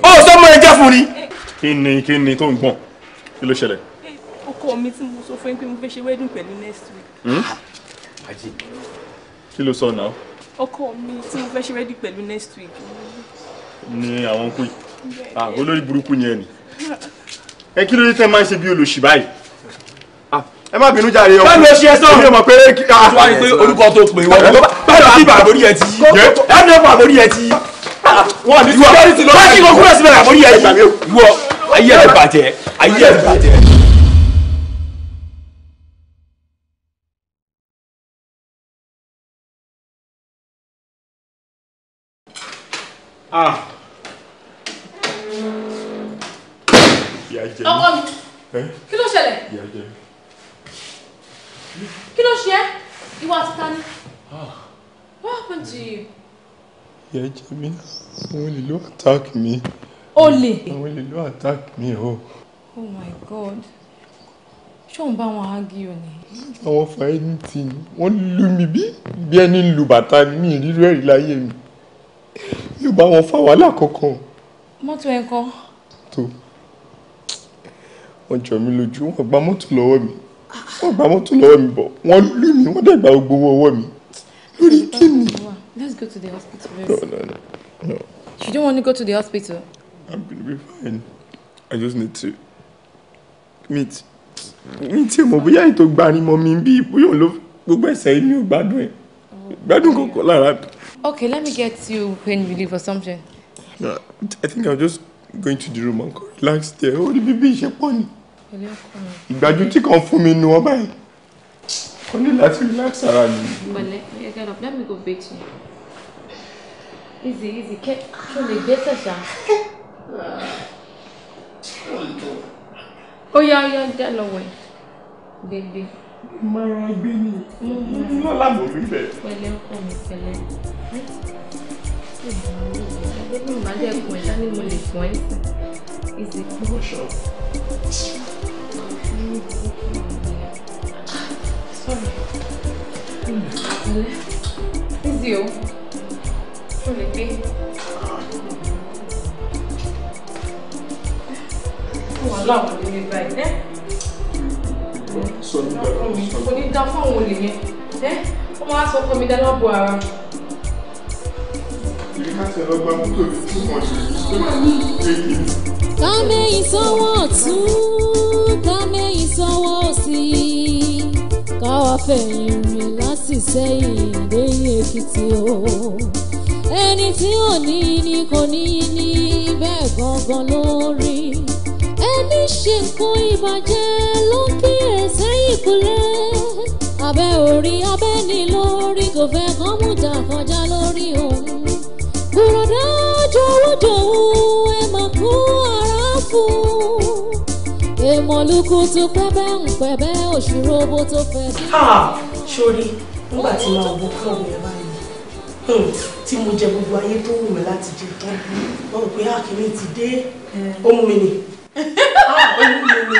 ó sọ mọ ẹ jẹ́ fún ni. kí ni kí ni tó ń gbọ̀n kí ló ṣẹlẹ̀. ọkọ mi tí mo sọ fún yín pé mo fẹ́ ṣe wedding pẹ̀lú next week. Hmm? kí ló sọ náà. ọkọ mi tí mo fẹ́ ṣe wedding pẹ̀lú next week. ni àwọn kú yìí ah, olórí burúkú ni ẹ ẹ kí ló dé tẹ́ máa ń ṣe bí olùsì báyìí ah. ẹ má bínú jàre ọkùnrin báwo ló ṣe sọ ọmọ pé tí ah. wàá rí pé orúkọ tó pè wọ́n báwo ni bàbá orí ẹ ti yé ẹ ní bàbá orí ẹ ti wọ́n ní security lọ́wọ́ báyìí kò kúrò síbẹ̀ bàbá orí ẹ ti wọ ayé ẹ bàjẹ́ ayé ẹ bàjẹ́. Ah. kí ló ṣẹlẹ̀ kí ló ṣe ẹ́ ìwà títa ni ah. what happened to you. ìyá jẹ mí àwọn olè ló attack mi. olè. àwọn olè attack mi o. oh my god ṣé òun bá wọn ági o ni. àwọn fa ẹni tì ní wọ́n lù mí bí bí ẹni lu bàtà ni mi ìrírú ẹ̀rí láyé mi yóò bá wọn fa wàhálà kankan. mọ́tò ẹ̀ kan. tó wọ́n jọ mí lójú wọ́n gba mọ́tò lọ́wọ́ mi wọ́n gba mọ́tò lọ́wọ́ mi bọ̀ wọ́n lù mí wọ́n dẹ̀ gbogbo owó mi lórí kí ni. Let's go to the hospital. No, no, no, no. You don't want to go to the hospital? I'm gonna be fine. I just need to meet. meet tí mo bóyá ètò gbanimọ̀ mi bí bóyá òun ló gbogbo ẹ̀sẹ̀ yìí mi ò gbádùn ẹ̀. Gbádùn kòkó lára. Okay, let me get you pain relief or something. No, I think I'll just going to the room and relax there ó ní bíbí ìṣe pọ̀ ni ìgbàjú tí kan fún mi nu ọba yìí ó ní láti relax ara mi. pẹ̀lẹ́ ẹ gẹ́gẹ́ náà let me go bait you easy easy kẹ́ ṣó lè gbẹ́sẹ̀ ṣá. ó yá ó yá já lọ wẹ̀ gbẹgbẹ. mo máa ń gbé ní lọ́lá mo fi bẹ̀. pẹ̀lẹ́ ọkọ mi pẹ̀lẹ́. Adébí màá jẹ́ ẹ̀kún ẹ̀dá ni mo lè fún ẹ́ sìn. Is it bullshit? Sorry. Ẹ̀lẹ́. Bísí o. Ṣo lè dé? Wàhálà kò lè báyìí ẹ́. Sọ ní bẹ̀rẹ̀. Kò ní dá fún àwọn olè yẹn. Ó máa sọ fún mi dáná bo ara. Kàmé ìsanwó ọ̀tún, kàmé ìsanwó òsì, káwá fẹ̀yìn rìn láti sẹ́yìn lẹ́yìn Èkìtì o. Ẹni tí ò ní ni kò ní ní bẹ́ẹ̀ gangan lórí. Ẹni ṣe nǹkan ìbàjẹ́ ló kíyè sẹ́yìn kúlẹ̀. Abẹ́ orí abẹ́ ni lórí kò fẹ́ kán mú jà kọjá kùtùkùtù pẹ́bẹ́ ń pẹ́bẹ́ òṣìrò owó tó fẹ́. sórí nígbà tí màá wo club yẹn báyìí hmm, tí mo jẹ gbogbo ayé tó wù mí láti jẹ tán wọn rò pé àkíní ah, ti dé ohun eh. mi nì ohun ah, mi nì.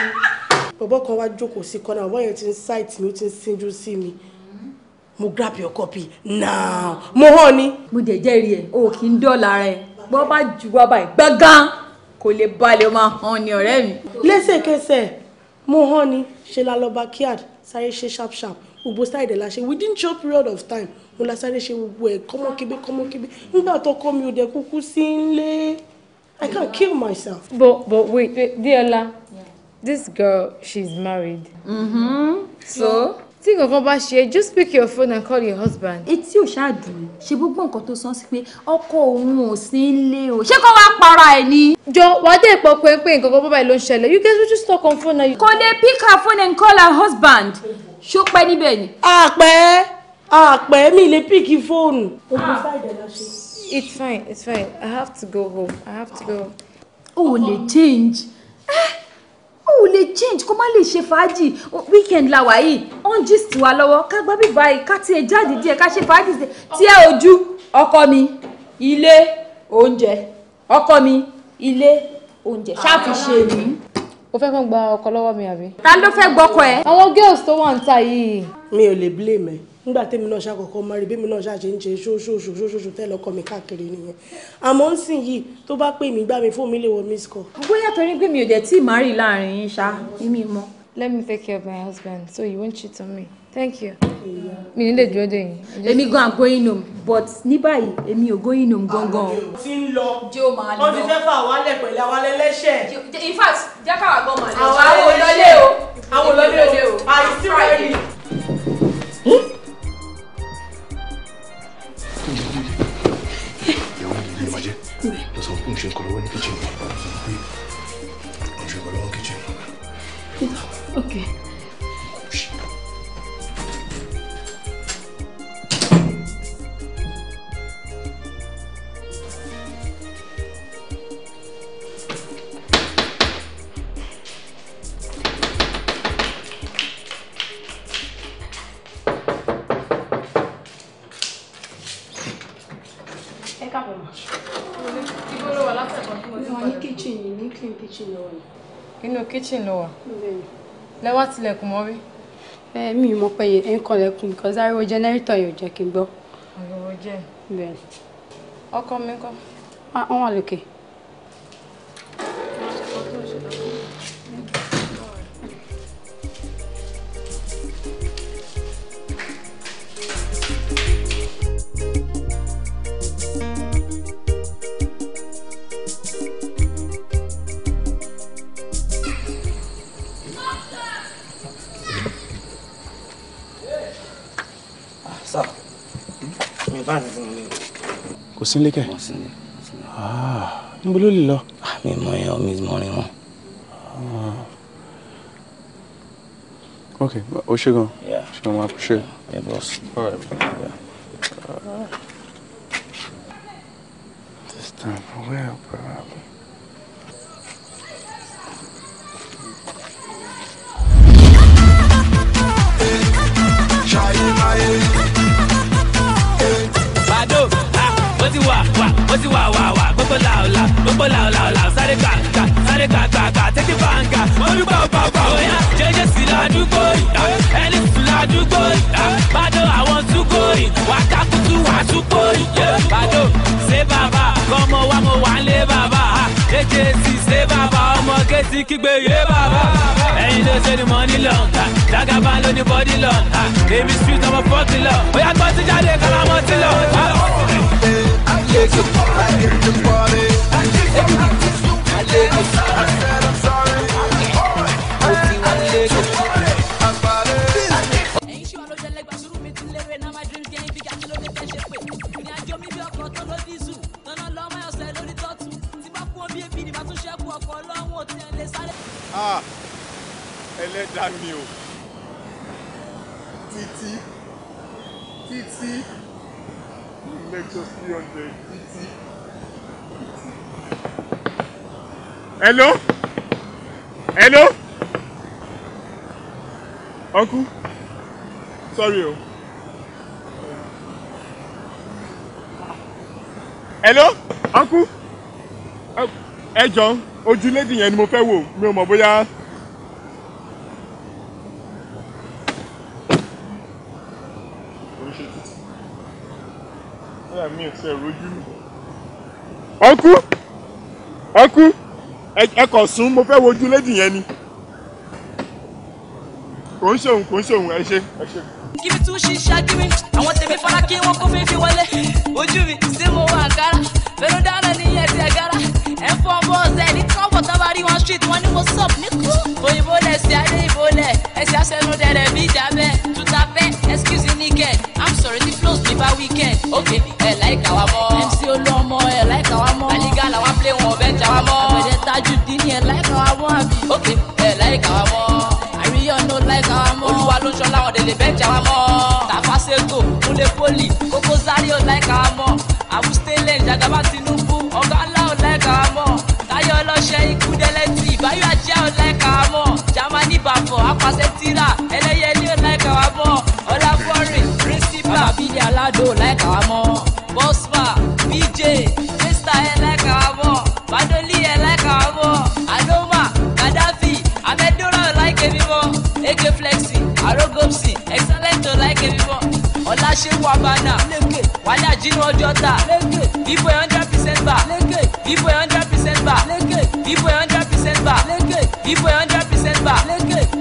bọ̀bọ̀ kan wá jókòó sí kọ́nà àwọn ti ń ṣáìtì mi ó ti ń síjú sí mi mo grab your copy now mo hàn ni. mo dẹ̀ jẹ́rìí ẹ̀ o kì í dọ́là rẹ̀ bọ́ bá jù wá báyìí gbọ́ngàn kò lè balẹ̀ o máa ni ọ̀rẹ́ mi. lẹ́sẹ̀kẹsẹ̀ mo hàn ni ṣe la she sharp sáré ṣe sharp sharp gbogbo ṣáìdẹ̀ la ṣe within short period of time mo la sáré ṣe gbogbo ẹ̀ kọ́mọ́kébé kọ́mọ́kébé nígbà tó kọ́ mi ò dẹ̀ kúkú sí nlé I can't kill myself. But but wait wait Deola yeah. this girl she's married. Mm-hmm. so. Yeah tí nǹkan bá ṣe just pick your phone and call your husband. etí ò ṣáàdùn ṣe gbogbo nǹkan tó sọ sí pé ọkọ òun ò sí nílé o ṣé kó wàá para ẹ ni. jọ wàá dé ìpọ pé pé nǹkan kan bábà ló ń ṣẹlẹ̀ you guys will just talk on phone now. kò lè pick her phone and call her husband ṣó pẹ́ níbẹ̀ ni. àpẹ́ àpẹ́ mi lè pick fóònù. ogun friday la ṣe. it's fine it's fine i have to go home i have to go. o ò lè change. Ah! o lè change kó má lè ṣe fàájì weekend la wà yìí on gist wa lọ́wọ́ ká gbá bíbá yìí ká tiẹ̀ jáde díẹ̀ ká ṣe fàájì tí ẹ ojú ọkọ mi ilé oúnjẹ ọkọ mi ilé oúnjẹ ṣáàfi ṣe mí. o fẹ́ kàn gba ọkọ lọ́wọ́ mi àbí. ta ló fẹ́ gbọ́kọ ẹ. àwọn girls tó wà ń ta yìí. mi ò lè blame ẹ nígbà tèmi náà ṣàkọ́kọ́ mọ rí bẹ́mi náà ṣàṣe ń ṣe ṣóṣóṣó ṣóṣóṣó tẹ́ lọ́kọ mi káàkiri nìyẹn àmọ́ ń sìn yìí tó bá pè mí gbà mí fóun mi lè wọ miss call. bóyá torí pé mi ò dẹ̀ tí ì rí láàrin yín ṣá èmi mọ. let me take care of my husband so you won't cheat on me thank you. mi ní lè dúró dè yín. èmi gan am going home but ní báyìí èmi ò going home gangan. ti ń lọ ó ti fẹ́ fà wálẹ̀ pẹ̀lú àwálẹ̀ lẹ́sẹ̀. in fact jẹ́ káwá gan màlẹ́. àwọn àwọn olólè o àwọn olólè o àìsí rẹ̀ kitchen ló wà lẹ wá tilẹ̀kùn mọ́ rí. ẹ mi ò mọ pé ẹ ń kanlẹ̀kùn because ariwo jẹnẹrétọ̀ yóò jẹ́ kí n gbọ́. ariwo jẹ́ ọkọ mi kọ́. wọ́n wà lókè. sílé kẹ. wọ́n sílé. Ah, níbo ló lè lọ. àmì ah, mọ ẹ ọmọ oh, mi mọ rin wọn. Ah. ok o ṣe gan. ṣe gan wa appreciate. ẹ bọ́sù. all right. Yeah. jésì ṣé bàbá ọmọ kéésì kígbe yé bàbá. ẹyin ló ṣe ni mọ́ni lọ́ǹkà dàgàbà ló ní bọ́dí lọ́ǹkà èmi street ọmọ fọ́ọ̀kì lọ bóyá gbọ́ ti jáde kálámọ́ ti lọ. I live to party, I live to party, I live to party. Ah, ẹlẹ́dàá mi o títí títí lecture three hundred títí. hello hello uncle sorry o. Oh. Hello, uncle. Ẹ jọ̀ọ́ ojú lady yẹn ni mo fẹ́ wò mi ò mọ̀ bóyá. ọkú ọkú ẹ kọ̀ sún mo fẹ́ wo ojú lady yẹn ni kò ń ṣòun kò ń ṣòun ẹ ṣe ẹ ṣe. tún ṣe ṣáájú mi àwọn tèmi fara kí wọn kó fífi wọlé ojú mi tí mo wà kára fẹnu dára ní ẹsẹ gára fọ́nbọ́ọ̀sì ẹni tí wọ́n bọ̀ tán bá rí wọn street wọ́n ní mo sọ̀p ní kú. òyìnbó lẹ̀ sí adé ìbò lẹ̀ ẹ̀sì àṣẹnu dẹ̀rẹ̀ bí ìjà bẹ́ẹ̀ tuta bẹ́ẹ̀ excuse me nìkẹ́ i'm sorry ní flows mi bá weekend. ok ẹ láìka wa mọ́. mc olómọ ẹ láìka wa mọ́. àlígá làwa play wọn ọbẹ̀ jà wa mọ́. àgbẹ̀dẹ tajú dín ní ẹ láìka wa mọ́ àbí. ok ẹ láìka wa mọ́. àríyàn ló láìka wa mọ́. olúwa ló ń ṣọlá wọn dẹ̀lẹ̀ jà wa mọ́. tàfà sego múlẹ̀ poli kókó zario láìka wa mọ́. àwùstẹ́lẹ̀ jagaba ti pàṣẹtìrà ẹlẹ́yẹ ní ọ̀nà ẹ̀ka wa bọ̀ ọ̀làbọ̀rìn pírísítà bídìí aládò láìka wa mọ́ bọ́sùpà bj mista ẹ̀ láìka wa bọ̀ badoli ẹ̀ láìka wa bọ̀ adoma gaddafi amẹ́dọ́rà láìka mi mọ́ ak flexi arogopsi excellent láìka mi mọ́ ọ̀làṣẹ́wọ̀ abana wálé àjínú ọjọ́ ta bíbọ̀ ẹ̀ hundred percent bar bíbọ̀ ẹ̀ hundred percent bar bíbọ̀ ẹ̀ hundred percent bar bíbọ̀ ẹ̀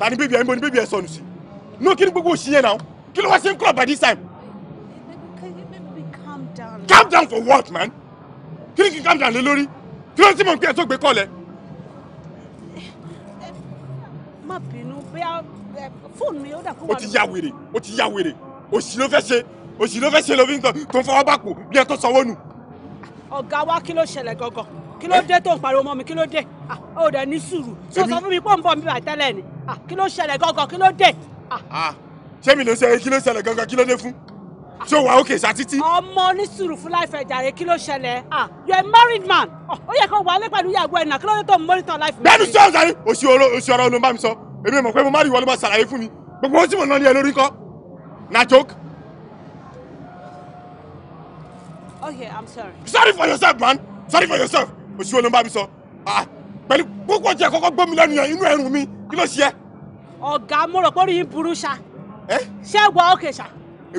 ta ni bébì ẹ níbo ni bébì ẹ sọnù sí no kí ni gbogbo òsì yẹn náà kí ló wá sí ń club by this time. calm down. for what man kí ni kí n calm down lé lórí kí ló ń símọ̀ pé ẹ tó gbé kọ́ lẹ. má bínú bóyá fóònù mi ó dà kó wà. o ti ya wèrè o ti ya wèrè òsì ló fẹ́ ṣe òsì ló fẹ́ ṣe lóbi nǹkan tó ń fọwọ́ bá kù bí ẹ tó sanwó nù. ọ̀gá wa kí ló ṣẹlẹ̀ gangan kí ló dé tó ń pariwo mọ́ mi kí ló dé ah, ó ní sùúrù sọ sọ fún mi pé mi bàtẹ́lẹ̀ ni. Ah, kí ló ṣẹlẹ̀ gangan kí ló dé. Ah. Ah, ṣé mi ló ṣe kí ló ṣẹlẹ̀ gangan kí ló dé fún ṣé o wà òkè sátítí. ọmọ onísùúrù fún láìfẹ jàre kí ló ṣẹlẹ̀ you are a married man ó yẹ kó wà lé pẹ̀lú ìyàwó ẹ̀ náà kí ló dé tó ń mọ́nítọ̀ láìfẹ. bẹ́ẹ̀ni sọ ọ sáré oṣù ọ̀rọ̀ oṣù ọ̀rọ̀ ló ń bá mi sọ èmi mọ̀ pé mo má rí ìwọ ló bá ṣàlàyé fún mi gbogbo ohun tí mo ná ní ẹ lórí kọ́ na joke. okay i'm sorry. sorry for yourself man sorry for yourself oṣù ọ̀rọ̀ ló ń bá mi sọ pẹ̀lú gbogbo ọjà kọ́kọ́ gbọ́ mi lẹ́nu yẹn inú ẹ̀rù mi kí ló ṣe é ọ̀gá mo rò pé orí yín burú ṣá ṣé wà ókè ṣá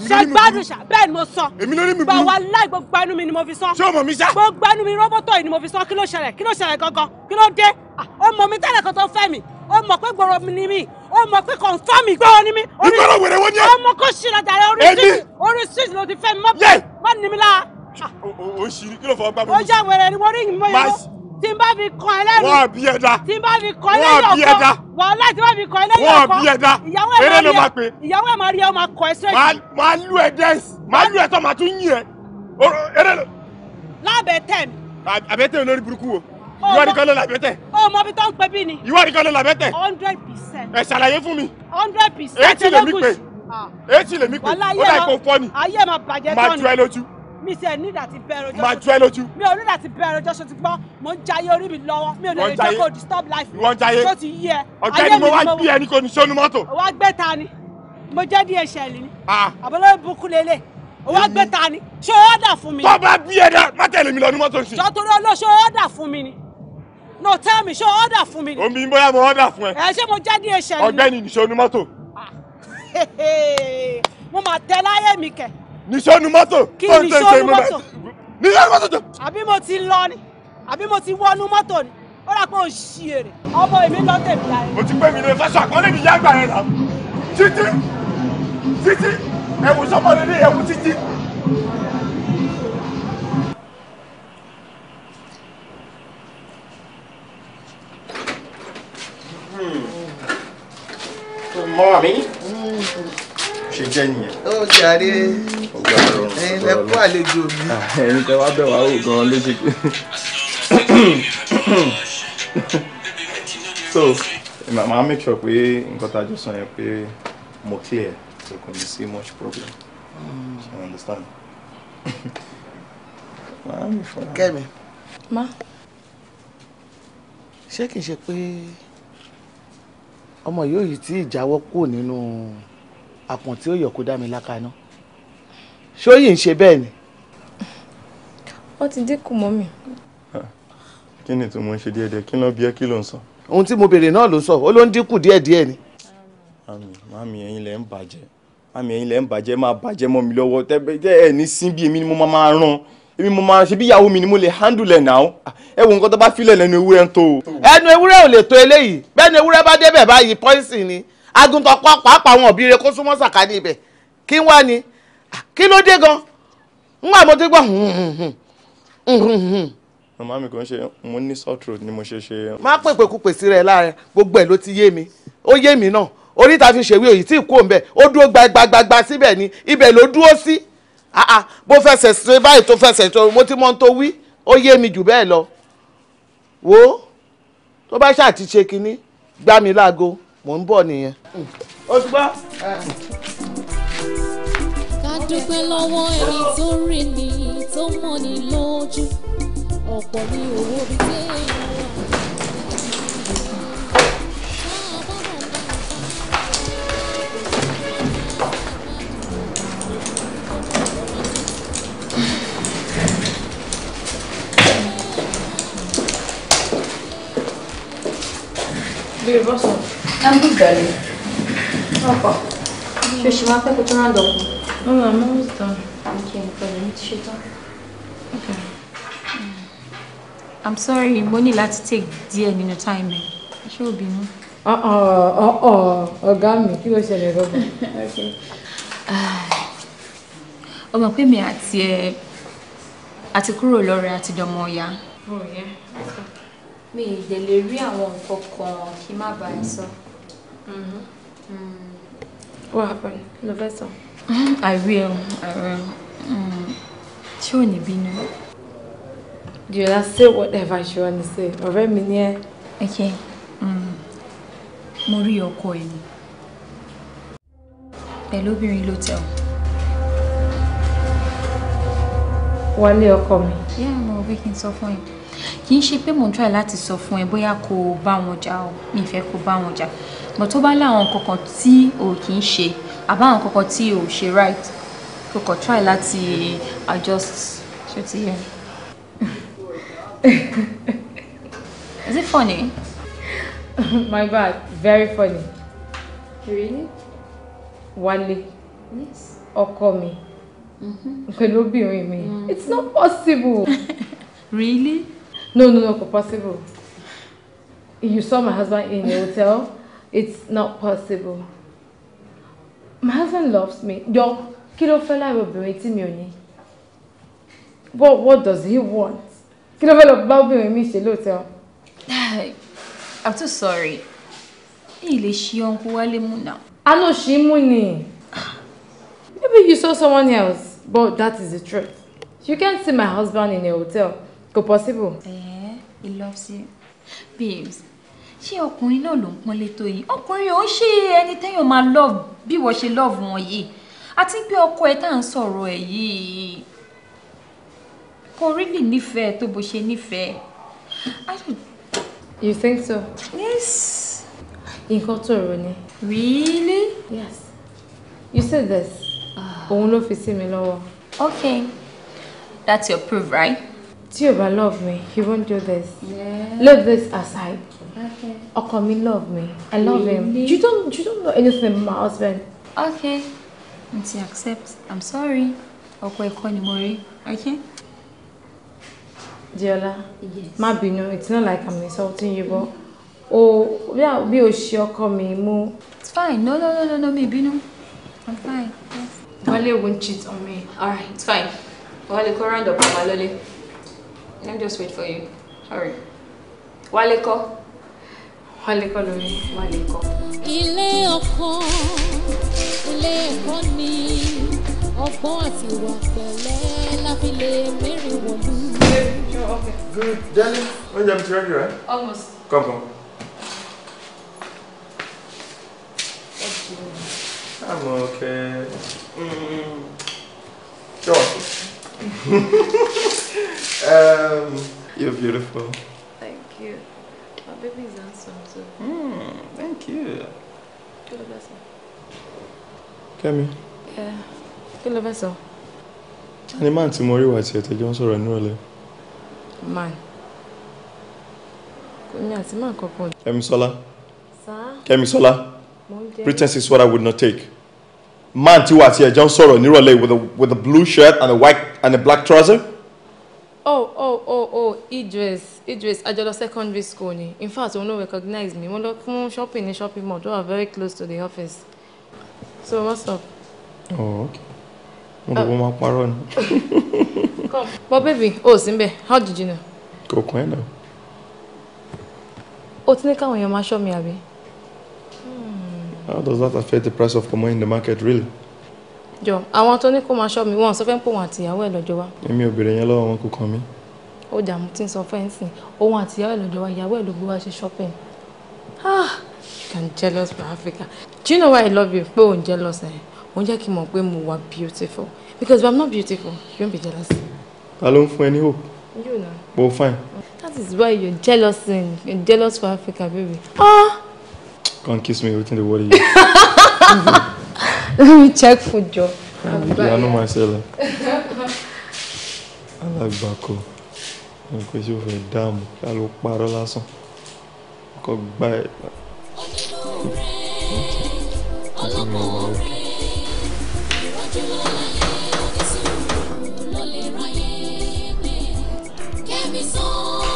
ṣe gbádùn ṣá bẹ́ẹ̀ ni mo sọ èmi ló mi burú bàwa láì gbogbo ẹnu mi ni mo fi sọ ṣé o mọ̀ mi ṣá gbogbo ẹnu mi rọ́bọ̀tọ̀ yìí ni mo fi sọ kí ló ṣẹlẹ̀ kí ló ṣẹlẹ̀ gangan kí ló dé ah, ó mọ̀ mi tẹ́lẹ̀ kan tó fẹ́ mi ó mọ̀ pé gbòòrò mi ni mi ó mọ̀ pé confam ìgbọ́rọ̀ ni mi. ìgbọ́rọ̀ wèrè wo ni ẹ. ọmọ kò ṣì lọ́jà rẹ orí street orí street ló ti fẹ́ mi mọ́ bí mọ́ ni mi la. o ṣì kí ló fọwọ́ gbá tí n bá fi kàn ẹ́ lẹ́rù. wọ́n bí ẹ̀dá. tí n bá fi kàn ẹ́ lẹ́yìn ọkọ. wọ́n bí ẹ̀dá. wàhálà tí n bá fi kàn ẹ́ lẹ́yìn ọkọ. wọ́n bí ẹ̀dá. ìyàwó ẹ̀ máa rí ẹ ìyàwó ẹ̀ máa rí ẹ ó máa kọ ẹ sẹ́yìn. máa lù ẹ dẹ́sì máa lù ẹ máa tún yín ẹ. lábẹ́ tẹ̀ àbẹ́ tẹ̀ lórí burúkú o. ìwọ nìkan ló làbẹ́ tẹ̀. o mọ bí tó ń pẹ́ bí ni. ìwọ nìkan ló làbẹ́ tẹ̀. hundred percent. ẹ ṣàlàyé fún hundred percent. etí ah. lèmi pè etí lèmi pè ó dà kó fọ́ ni. ayé ma bàjẹ́ tán ni. máa mi ti ẹ̀ ní ìdàtí bẹ̀rẹ̀ ọjọ́. máa jọ ẹ lójú. mi ò ní ìdàtí bẹ̀rẹ̀ ọjọ́ ṣe ti gbọ́ mo ń jayé orí mi lọ́wọ́ mi ò lè jẹ́ kó disturb life mi. ìwọ ń jayé tó ti yí ẹ. ọ̀gá ni mo wá gbé ẹni kò ní sónú mọ́tò. wá gbé ta ni mo jẹ́ díẹ̀ ṣẹ̀lì ni. Ah. àbọ̀lọ́ ìbùkún lélẹ̀ wá gbé ta ni ṣé ó dà fún mi. bọ́ba bí ẹ dá má tẹ̀lé mi lọ ní mọ́tò sí. jọ torí olóò ṣé ó dà fún mi ni no tell me ṣé ó dà fún mi ni. omi bóyá mo ọ̀dà fún ẹ. ẹ ṣé mo jẹ́ díẹ̀ ṣẹ̀lì ni. ọ̀gbẹ́ni nìṣó ni mọ́tò. Ah, mo máa tẹ láyé mi kẹ̀ níṣẹ́ nu mọ́tò. kí níṣẹ́ nu mọ́tò. níṣẹ́ nu mọ́tò tó. àbí mo ti lọ ni àbí mo ti wọnú mọ́tò ni ó rà pé ò ṣì èrè ọmọ èmi lọ tẹ̀mí la yẹn. mo ti pẹ́ mi lè fásọ àkọọ́lẹ̀ mi yá gbà yẹn náà títí títí ẹ̀wù sọ́mọdé ní ẹ̀wù títí. Mommy. Hmm. Mm ṣe jẹ́ nìyẹn. ó jàre ẹ kú àlejò mi. Ah, ẹ̀rín tẹ wá bẹ̀ wá wò gan-an léṣe so màá make sure pé nǹkan tá a jọ sọ yẹn pé mo clear so kò ní sí much problem mm. you understand. kẹ́mi. ma ṣé kìí ṣe pé ọmọ yóò yìí tí ìjáwọ́ kúrò nínú. No àpọ̀ntí ó yọ kó dá mi lákaná ṣóyì ń ṣe bẹ́ẹ̀ ni. ó ti dínkù mọ́ mi. kí ni tí mo ń ṣe díẹ̀díẹ̀ kí ló bí ẹ kí ló ń sọ. ohun tí mo béèrè náà ló sọ ó ló ń dínkù díẹ̀díẹ̀ ni. mami mami ẹ̀yin lẹ ń bàjẹ́ mami ẹ̀yin lẹ ń bàjẹ́ máa bàjẹ́ mọ́ mi lọ́wọ́ tẹ́ ẹ ní sín bí èmi ni mo máa máa ràn èmi mo máa ṣe bí ìyàwó mi ni mo lè handle ẹ̀ náà ah, ẹ wo nǹkan tó bá filẹ̀ lẹ́nu ewúrẹ́ ń tó. ẹnu ewúrẹ́ ò lè tó eléyìí bẹ́ẹ̀ ni ewúrẹ́ bá débẹ̀ báyìí pọ́ìsì ni aguntàn pàápàá àwọn òbí rẹ kó súnmọ́ sàkání ibẹ̀ kí wá ni kí ló dé gan n wà mo ti gbọ́ màmá mi kò ń ṣe mo ní salt road ni mo ṣe ṣe. má pèpè kú pèsè rẹ láàrin gbogbo ẹ ló ti yé mi ó yé mi náà oríta fi ṣèwé òyì tí kò ń bẹ ó dúró gbagbagbagba síbẹ̀ ni ibẹ̀ ló dúró sí bó fẹsẹ̀ ṣe báyìí tó fẹsẹ̀ tó mo ti mọ tó wí ó yé mi jù bẹ́ẹ̀ lọ wo tó bá ṣáà ti gbá mi láago mò ń bọ̀ nìyẹn. ó ti ká dúpẹ́ lọ́wọ́ ẹni tó rìn ní tó mọ̀ ní lójú ọ̀pọ̀ ní owó bíi téèyàn. Babe, I'm good, darling. Papa, ṣé o ṣe máa fẹ́ kó tó rán dọ̀kun? Oh, no, I'm almost done. Thank you, nǹkan lèmi Okay. I'm sorry, mo ní láti take díẹ̀ nínú time ẹ̀. Ṣé o bínú? Ọ̀gá mi, kí ló ṣẹlẹ̀ gbọ́dọ̀? Ọmọ pé mi àti ẹ àti kúrò lọ́rẹ̀ àti dọmọ ọ̀yá. Mi ì lè rí àwọn nǹkan kan kí má bàa sọ. Mm-hmm. Mm. What happened? The fẹ́ I will, I will. Mm. Ṣé ò be bínú? You just say whatever you want to say. Ọ̀rẹ́ mi ni Okay. Mm. Mo rí ọkọ ẹ̀ ni. Hello, obìnrin Hotel. tẹ̀ ọ́. wálé ọkọ mi. yá mo rò pé kí n sọ fún ẹ kì í ṣe pé mò ń tọ́ ẹ láti sọ o mi fẹ́ kó o bá wọn but tó bá láwọn kankan tí o kì í ṣe àbáwọn kankan tí o ṣe right kò try láti adjust ṣé ti yẹ. Is it funny? My bad, very funny. Really? Wálé. Yes. Ọkọ mi. Mm-hmm. Pẹ̀lú obìnrin mi. Mm. It's not possible. Really? No, no, no, kò possible. You saw my husband in a hotel. It's not possible. My husband loves me. Yo, kí ló fẹ́ láì obìnrin tí mi ò ní? What what does he want? Kí ló fẹ́ lọ bá obìnrin mi ṣe lóòótọ́? I'm too sorry. Èyí lè ṣe ọ̀nkú wálé mú náà. A lọ ṣì mú Maybe you saw someone else, but that is the truth. You can't see my husband in a hotel. Go possible. Ẹ̀ẹ́, eh, he loves you. Babes, ṣé ọkùnrin náà ló ń pọ́nlé tó yìí ọkùnrin ò ń ṣe ẹni téèyàn máa love bí wọ́n ṣe love wọn yìí àti pé ọkọ ẹ tá à ń sọ̀rọ̀ ẹ̀ yìí kò really nífẹ̀ẹ́ tó bó ṣe nífẹ̀ẹ́. you think so. yes. nǹkan tó rò ni. really. yes. you said this. Ah. òun ló fi sí mi lọ́wọ́. okay that's your proof right. tí o bá love me you won't do this. Yeah. leave this aside. Okay. Ọkọ love me. I love really? him. You don't you don't know anything about my husband. Okay. Until you accept, I'm sorry. Ọkọ ẹ̀kọ́ ni mo Okay. Diola. Yes. Má no. it's not like I'm insulting you, but oh, yeah, be ṣe ọkọ mi mú. It's fine. No, no, no, no, no, mi no. I'm fine. Yes. Wale won't cheat on me. Alright, it's fine. Wale, go round up Malole. Let me just wait for you. Hurry. Wale, call wálé kọ́ lórí wálé ilé ọkàn ilé ẹ̀kọ́ ni ọgbọ́n àti ìwà pẹ̀lẹ́ láfi mẹ́rin wọ̀lú. good darling oúnjẹ mi ti rẹ́dí rẹ. almost. come come. I'm okay. Mm. Sure. um, you're beautiful. Thank you. My baby's you. Kill the vessel. sọ? Yeah. Kill the vessel. sọ? Ta ni máà tí mo rí wà tí ẹ̀ tẹ́jọ́ ń sọ̀rọ̀ nírọ̀lẹ́? Man. Kèmi àti máà kọ̀ọ̀kan. Kẹ́misọ́lá. Sá. Kẹ́misọ́lá. Pretense is what I would not take. Man tí wà tí ẹ̀jọ́ ń sọ̀rọ̀ nírọ̀lẹ́ with a with a blue shirt and a white and a black trouser. Oh oh oh oh Idris. Idris Ajolo secondary school ni in fact òun no recognize me. mo lọ fún shopping ní shopping mall tó are very close to the office so what's up. oh okay mo rò pé mo máa parọ́ ni. come but baby o ò sí níbẹ̀ how did you know. kò kún ẹ̀ náà. o ti ní káwọn èèyàn máa ṣọ́ mi àbí. Hmm. how does that affect the price of common in the market really. jọ àwọn tó ní kó máa ṣọ́ mi wọn sọ fẹ́ ń pò wọn àtìyàwó ẹ̀ lọ́jọ́ wa. èmi ò béèrè yẹn lọ́wọ́ wọn kò kàn mí ó dààmú tí ń sọ fẹ́ǹsì òun àti ìyàwó ẹ̀ lọ́jọ́ ìyàwó ẹ̀ ló gbé ṣe shopping ah You can jealous for africa do you know why i love you pé òun jealous ẹ̀ eh? òun jẹ́ kí n mọ̀ pé mo wà beautiful because if i'm not beautiful you won't be jealous. ta ló ń fún ẹ ní hope. you na. mo fine. that is why you're jealous in eh? you're jealous for africa baby. ah. come kiss me wetin dey worry you. let me check food job. i know myself. Eh? alágbàkọ nǹkan tí ó fẹ́ dààmú ká parọ́ lásán kọ́ gbá ẹ̀. Kẹ́mi sọ́ọ́.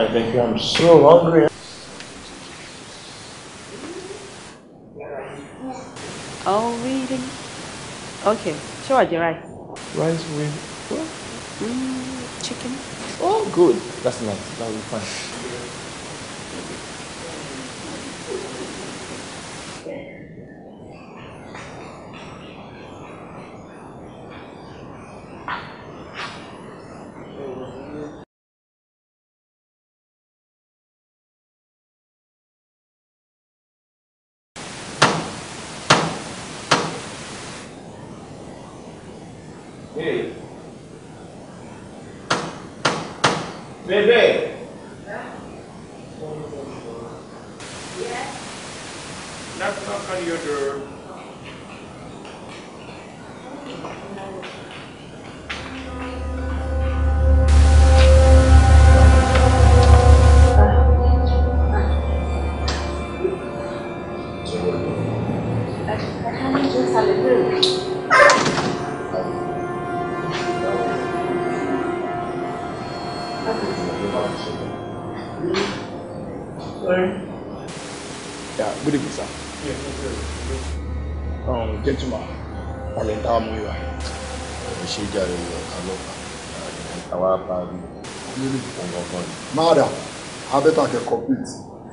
I think I'm so hungry. Oh, really? Okay, us the rice. Rice with what? Mm, chicken. Oh, good. That's nice. That will be fine.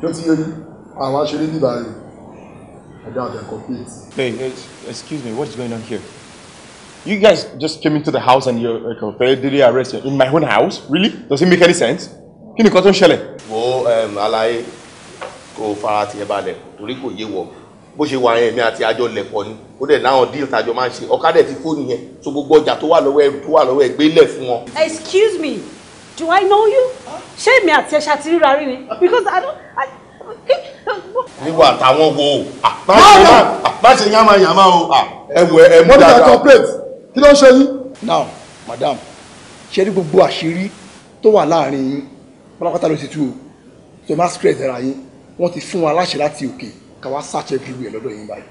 ló ti yẹn àwọn aṣeré bíbá rẹ̀ ẹ̀dá àbẹ̀ complete. Hey, excuse me, what is going on here? You guys just came into the house and you're like, okay, did they arrest In my own house? Really? Does it make any sense? Kí ni nǹkan tó ń ṣẹlẹ̀? Wo alaye um, kò fara tiẹ̀ balẹ̀ torí kò yé wọ̀ bó ṣe wà yẹn mi àti àjọ lẹ̀kọ́ ni ó dẹ̀ náà díìl tàjọ máa ń ṣe ọ̀kadà ti fóònù yẹn so gbogbo ọjà tó wà lọ́wọ́ ẹrù tó wà lọ́wọ́ ẹ gbé fún wọn. Excuse me, do I know you? Ṣé èmi àti ẹ̀ṣà ti ríra rí ni? Because I don't. I níwọ àtàwọn wo má ṣe yá máa yàn máa o ẹwẹ ẹmú dáadáa. mọ́tò complete kí ló ń ṣe yín. now madam ṣe rí gbogbo àṣírí tó wà láàrin yín pátápátá ló ti tú o tó má stress ara yín wọ́n ti fún wa láṣẹ láti òkè ká wá search everywhere lọ́dọ̀ yín báyìí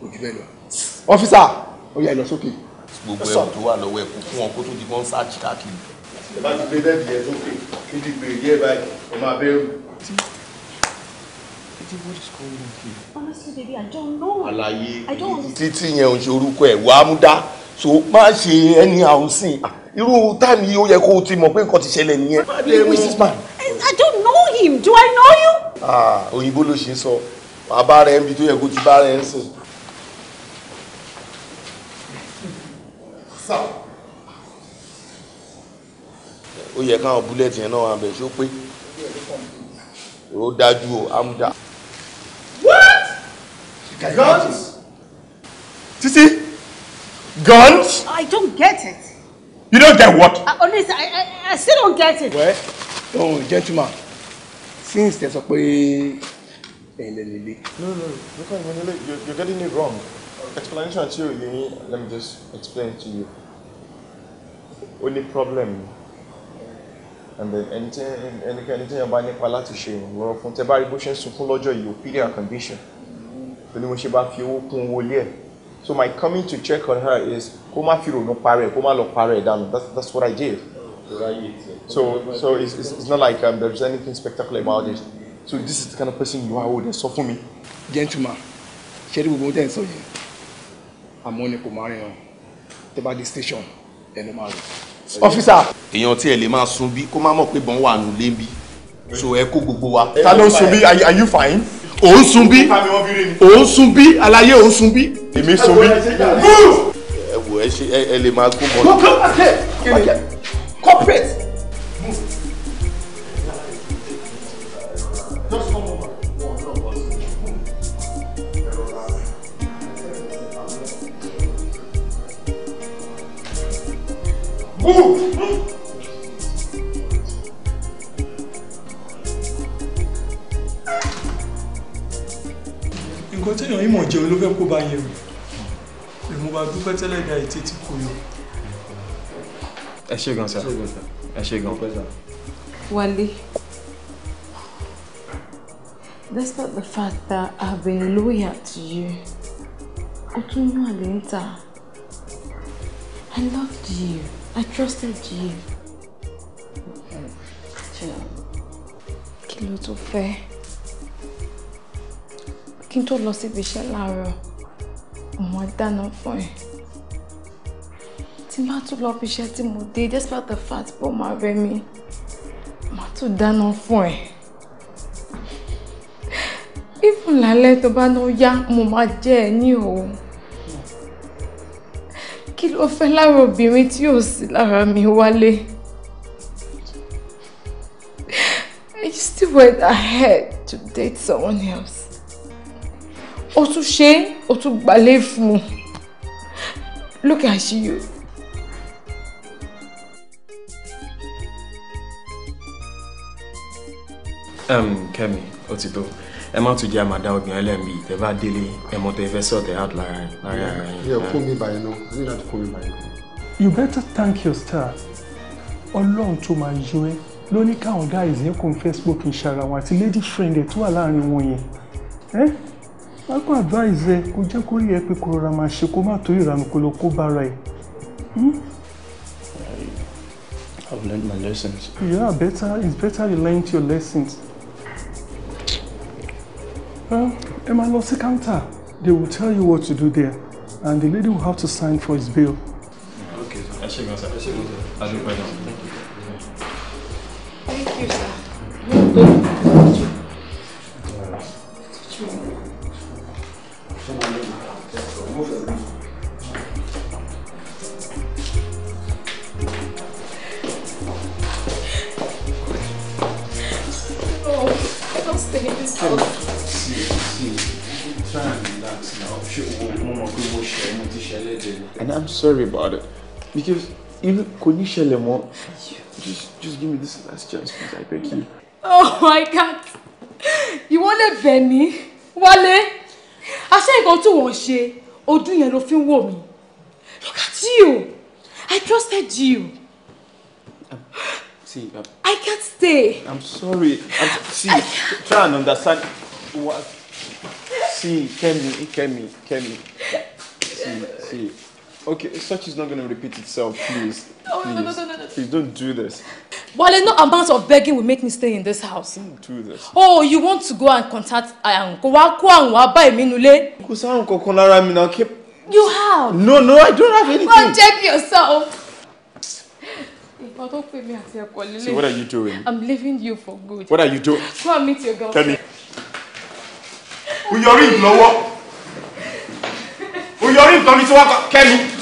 kò jù bẹ́ẹ̀ lọ. ọ́físà ó yá ìlọsókè. gbogbo ẹ̀rù tó wà lọ́wọ́ ẹ̀kú fún wọn kó tó di wọ́n search káàkiri. ẹ bá ti gbé bẹ́ẹ̀ Títí what Honestly, baby, I don't know. Àlàyé títí yẹn ń ṣe orúkọ ẹ̀ wàá mú dá. So má ṣe ẹni àwọn sìn. Irú táìmù yìí ó yẹ kó o ti mọ̀ pé nǹkan ti ṣẹlẹ̀ nìyẹn. Who is this man? I don't know him. Do I know you? Ah, òyìnbó ló ṣe sọ. Wàá bá rẹ̀ ń bi tó yẹ kó o ti bá rẹ̀ ń sìn. Ó yẹ káwọn búlẹ̀tì yẹn náà wà bẹ̀ ṣó pé ó dájú o amúdá. What? Guns? Sissy? Guns? I don't get it. You don't get what? I, honestly, I, I, I still don't get it. Well, oh, gentlemen, since there's a way. No, no, no. You're, you're getting it wrong. Explanation to you, let me just explain to you. Only problem ẹnikẹ́ni tí yẹn bá nípa láti ṣe ìrànlọ́wọ́ fún tẹ bá rí bó ṣe ń sunkún lọ́jọ́ yìí òpìlẹ̀ and condition tó ní mo ṣe bá fi owó kún owó lé ẹ̀ so my coming to check on her is kó má fi ronú parẹ́ kó má lọ parẹ́ dànù that's that's what I did so so it's it's, it's not like um, there's anything spectacular about it so this is the kind of person you are o de sọ fún mi. gentleman ṣe rí gbogbo tẹ́ ń sọ yẹn àmọ́ ni kò má rìn hàn tẹ́ bá di station ẹnu máa rìn ọfíìsà. èèyàn tí ẹ lè máa sun bí kó má mọ̀ pé bọ́n wà nù lé bí so ẹ kó gbogbo wa. ta ló ń sun bí are you fine. ò ń sun bí ò ń sun bí aláyé ò ń sun bí. èmi sun bí. ẹ wò ẹ ṣe ẹ lè máa kó mọ. corporate nǹkan téèyàn yìí mọ̀ jẹun ló fẹ́ kó bá yẹn rò dúpẹ́ tẹ́lẹ̀ dá ètè tí kò yọ. ẹ ṣe gan sa ẹ ṣe gan pẹ́ sa. Wálé. Despite the fact that I've been loyal to you, Otunyualenta, I loved you. I trusted you. Kí ló tó fẹ́? Kí n tó lọ síbi iṣẹ́ láàárọ̀, ọmọ dáná fún ẹ. Tí máa tún lọ bí iṣẹ́ mo dé, despite the fact pé ó máa rẹ mi, máa tún dáná fún ẹ. Even lálẹ́ tó bá náà yá, mo máa jẹ ẹ ní kí ló fẹ́ lára obìnrin tí ò sí lára mi wálé I still went ahead to date someone else o tún ṣe o tún gbalẹ̀ fún un look at you. Um, Kemi, ó ti tó ẹ má tún jẹ́ àmàdá ọgbìn ẹlẹ́mì tẹ bá délé ẹ mọ tẹ fẹ́ sọ̀tẹ̀ out lára ara fún mi báyìí náà i need that fún mi báyìí. you better thank your star. ọlọ́run tó máa yọ ẹ́ ló ní káwọn guys yẹn confess pé kì í ṣara wọn àti lady friend ẹ̀ tó wà láàrin wọn yẹn ẹ́ wọ́n kọ́ advice ẹ kó jẹ́ kó rí ẹ pé kó rọra máa ṣe kó má torí ìranù kó lọ kó bára ẹ. Hmm? I've learned my lessons. Yeah, better. It's better you learned your lessons. Well, máa lọ sí counter they will tell you what to do there and the lady will have to sign for his bill. okay ẹ ṣe gan sa ẹ ṣe gan sa adúpẹ́ náà. me about it because even kò ní ṣẹlẹ̀ mọ́ just just give me this last chance please I beg you. oh my god You wanna bẹ̀ mí wálé àṣẹ nǹkan tí wọ́n ṣe or do ló fi ń wò look at you I trusted you. Um, see, um, I can't stay. I'm sorry. I'm, see, try and understand what. See, Kemi, Kemi, Kemi. See, see. Okay, such is not going to repeat itself, please. no, please. No, no, no, no, no. Please don't do this. Wale, no amount of begging will make me stay in this house. Don't do this. Oh, you want to go and contact Ayanko? Ah, wá kó àwọn wá bá èmi nulẹ̀. Kò sáwọn kankan You have. No, no, I don't have anything. Go and check yourself. So what are you doing? I'm leaving you for good. What are you doing? Go and meet your girlfriend. Tell me. Oyọrí ìlọ́wọ́. Oyọrí ìtọ́ni tí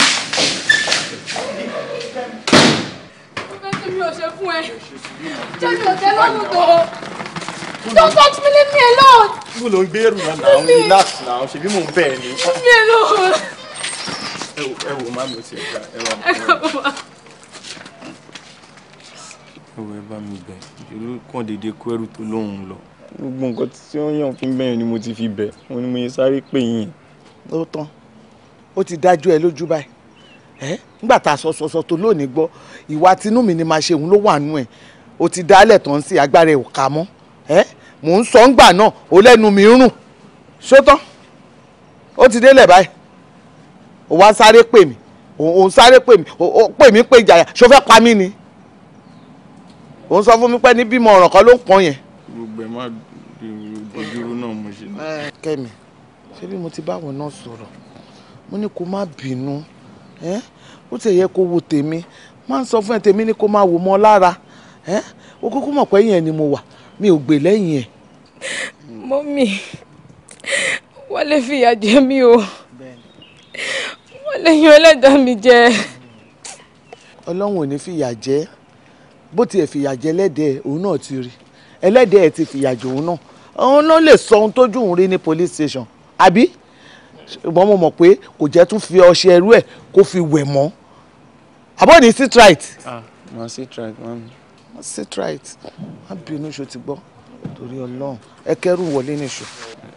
ṣe fún ẹ jẹ́ ò tẹ́ lọ́rùn tó don't touch me leave me alone. mo ló ń gbé ẹrù náà náà relax náà ṣe bí mò ń bẹ̀ẹ̀ ni. leave me alone. ẹ wò má mi ò tiẹ̀ gbà ẹ wà mí. ẹ wò ẹ bá mi bẹ̀ ìṣòro kàn déédéé kó ẹrù tó lóhùn lọ gbogbo nǹkan tí ó yàn fún bẹ́ẹ̀ ni mo ti fi bẹ̀ mo ni mo yẹ sáré pè yín. ó ó ti dájú ẹ lójú báyìí nígbà tá a sọ sọ sọ tó lónìí gbọ́ ìwà tinú mi ni máa ṣe òun ló wà nù ẹ̀ o ti dálẹ̀ tán sí agbára ẹ̀ ò kà mọ́ mò ń sọ ńgbà náà o lẹ́nu mi rùn ṣótán ó ti délẹ̀ báyìí ó wá sáré pè mí òun sáré pè mí ó pè mí pé ìjàyà ṣó fẹ́ pa mí ni òun sọ fún mi pé ní bímọ ọ̀ràn kan ló ń pọn yẹn. gbogbo ẹ má dojúrú náà mo ṣe. kẹ́mi ṣé bí mo ti báwọn náà sọ̀rọ̀ mo ní kó má bínú ó ti yẹ kó wo tèmi máa ń sọ fún ẹ tèmi ni kó máa wò mọ́ lára ó kúkú mọ̀ pé yẹn ni mo wà mi ò gbè lẹ́yìn ẹ̀. mọ́mì Wálé fìyà jẹ mí o Wálé yan ẹlẹ́dàá mi jẹ. ọlọ́run ò ní fìyà jẹ bó tiẹ̀ fìyà jẹ ẹlẹ́dẹ̀ẹ́ òun náà ti rí ẹlẹ́dẹ̀ẹ́ ti fìyà jẹ òun náà òun náà lè sọ ohun tójú òun rí ní police station àbí ṣùgbọ́n mo mọ̀ pé kò jẹ́ tún fi ọṣẹ ẹrú ẹ̀ kó fi wẹ̀ mọ́ àbọ̀ ní citrate. Ah. màá citrate màá mi. màá citrate má bínú ṣo ti gbọ́ torí ọlọ́run ẹ kẹ́rù wọlé nìṣó.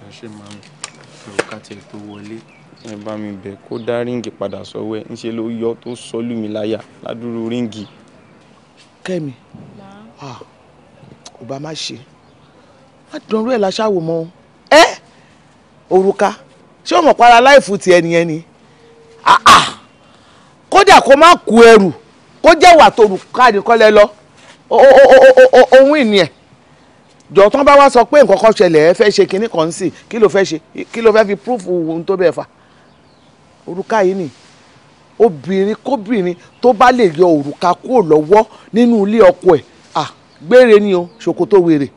ẹ ṣe máa ń sọ̀rọ̀ ká tiẹ̀ tó wọlé ẹ bá mi bẹ̀ kó dá ríǹgì padà sọ́wọ́ ẹ̀ ńṣe ló yọ tó sọ lù láyà ládùúrú ríǹgì. kẹ́mi ah, ò bá má ṣe má dánrú ẹ̀ láṣáwò mọ́ ẹ́ òrùka ṣé o mọ̀ para láìfù ti ẹni ẹni ah, ah. kódà kó má ku ẹrù kó jẹ́ wà tó káàdì kọ́lẹ́ lọ ohun ìní ẹ̀ jọ̀tán bá wá sọ pé nǹkan kan ṣẹlẹ̀ ẹ fẹ́ ṣe kinní kan sí kí ló fẹ́ ṣe kí ló fẹ́ fi púrúfù ohun tó bẹ́ẹ̀ fà òrùka yìí nì obìnrin kóbìnrin tó bá lè yọ òrùka kúrò lọ́wọ́ nínú ilé ọkọ ẹ̀ gbére ni o ṣòkòtò wèrè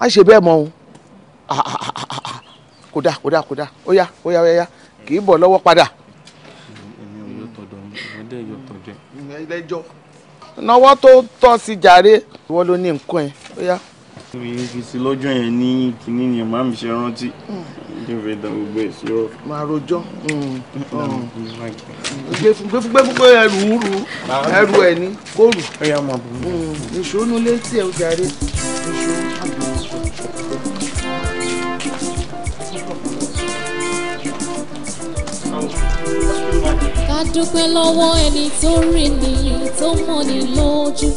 má ṣe bẹ́ẹ̀ mọ́ o ah, kódà kódà kódà ó yá ó yá ó yá kì í bọ̀ lọ́wọ́ padà. èmi ò yọ tọ̀dọ̀ mi ìwọ́n dẹ̀ yọ tọ̀jọ́. ẹlẹ́jọ́. náwó tó tọ́ sí jàre ìwọ ló ní nǹkan ẹ̀ ó yá. mi ò fi sí lọ́jọ́ yẹn ní kinní ni màá mi ṣe rántí ní ìfẹ́ dá gbogbo ẹ̀ sí ọ̀rọ̀. máa rojọ́ hmm. hmm. gbẹ́fúgbẹ́fúgbẹ́ ẹrù ń rù ẹrù ẹ̀ ní kóòrù ìṣònú létí ẹ̀ ó jàre ìṣònú. dúpẹ́ lọ́wọ́ ẹni tó rí ni tó mọ̀ ní lójú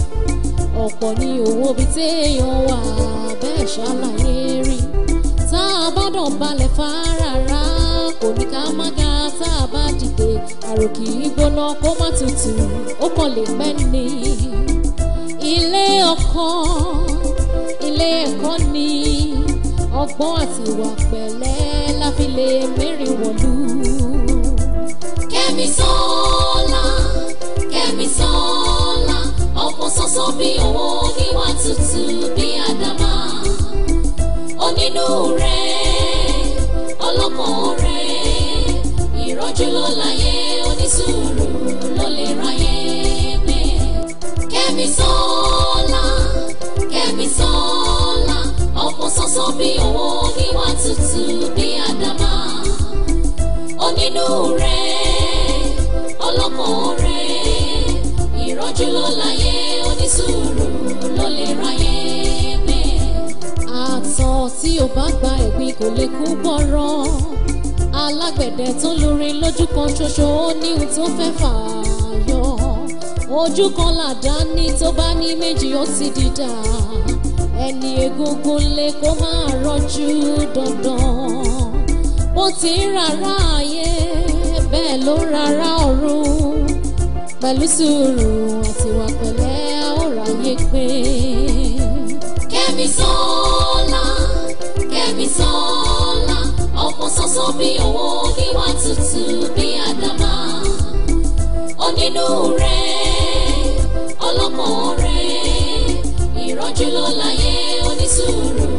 ọ̀pọ̀ ní owó bíi téèyàn wà bẹ́ẹ̀ ṣàlàyé rí tá a bá dàn balẹ̀ fárára kò ní ká má ga tá a bá dìde àròkì gbóná kó má tutù ó kàn lè pẹ́ ni ilé ọkọ ilé ẹ̀kọ́ ni ọgbọ́n àtiwà pẹ̀lẹ́ la lè mẹ́rin wọ̀lú. Kẹ́misọ́lá Kẹ́misọ́lá ọ̀pọ̀ sọ́sọ́ bí owó níwà tútù bí àdàbà onínú rẹ̀ ọlọ́kàn rẹ̀ ìrọ́jú ló láyé onísùúrù ló lè ráyé pé Kẹ́misọ́lá Kẹ́misọ́lá ọ̀pọ̀ sọ́sọ́ bí owó níwà tútù bí àdàbà onínú rẹ̀ lọ́kàn oore ìrọ́jú ló láyé onísùúrù ló lè ráyé gbé. àtàn tí ò bá gba ẹ̀gbin kò lè kú bọ́rọ̀ alágbẹ̀dẹ tó lóore lójú kan ṣoṣo ó ní ohun tó fẹ́ fà á yọ ojú kan làdá ní tó bá ní méjì ó ti dìdà ẹni egungun lé kó máa rọ́jú dandan bó ti ń rárá ayé ló ń rárá ọ̀run pẹ̀lú sùúrù àtiwà pẹ̀lẹ́ a ó ráyé pé. Kẹ́misọ́lá Kẹ́misọ́lá ọ̀pọ̀ sọ́sọ́ bí owó níwà tútù bí àdàbà onínú rẹ̀ ọlọ́mọ rẹ̀ ìrọ́jú ló onísùúrù.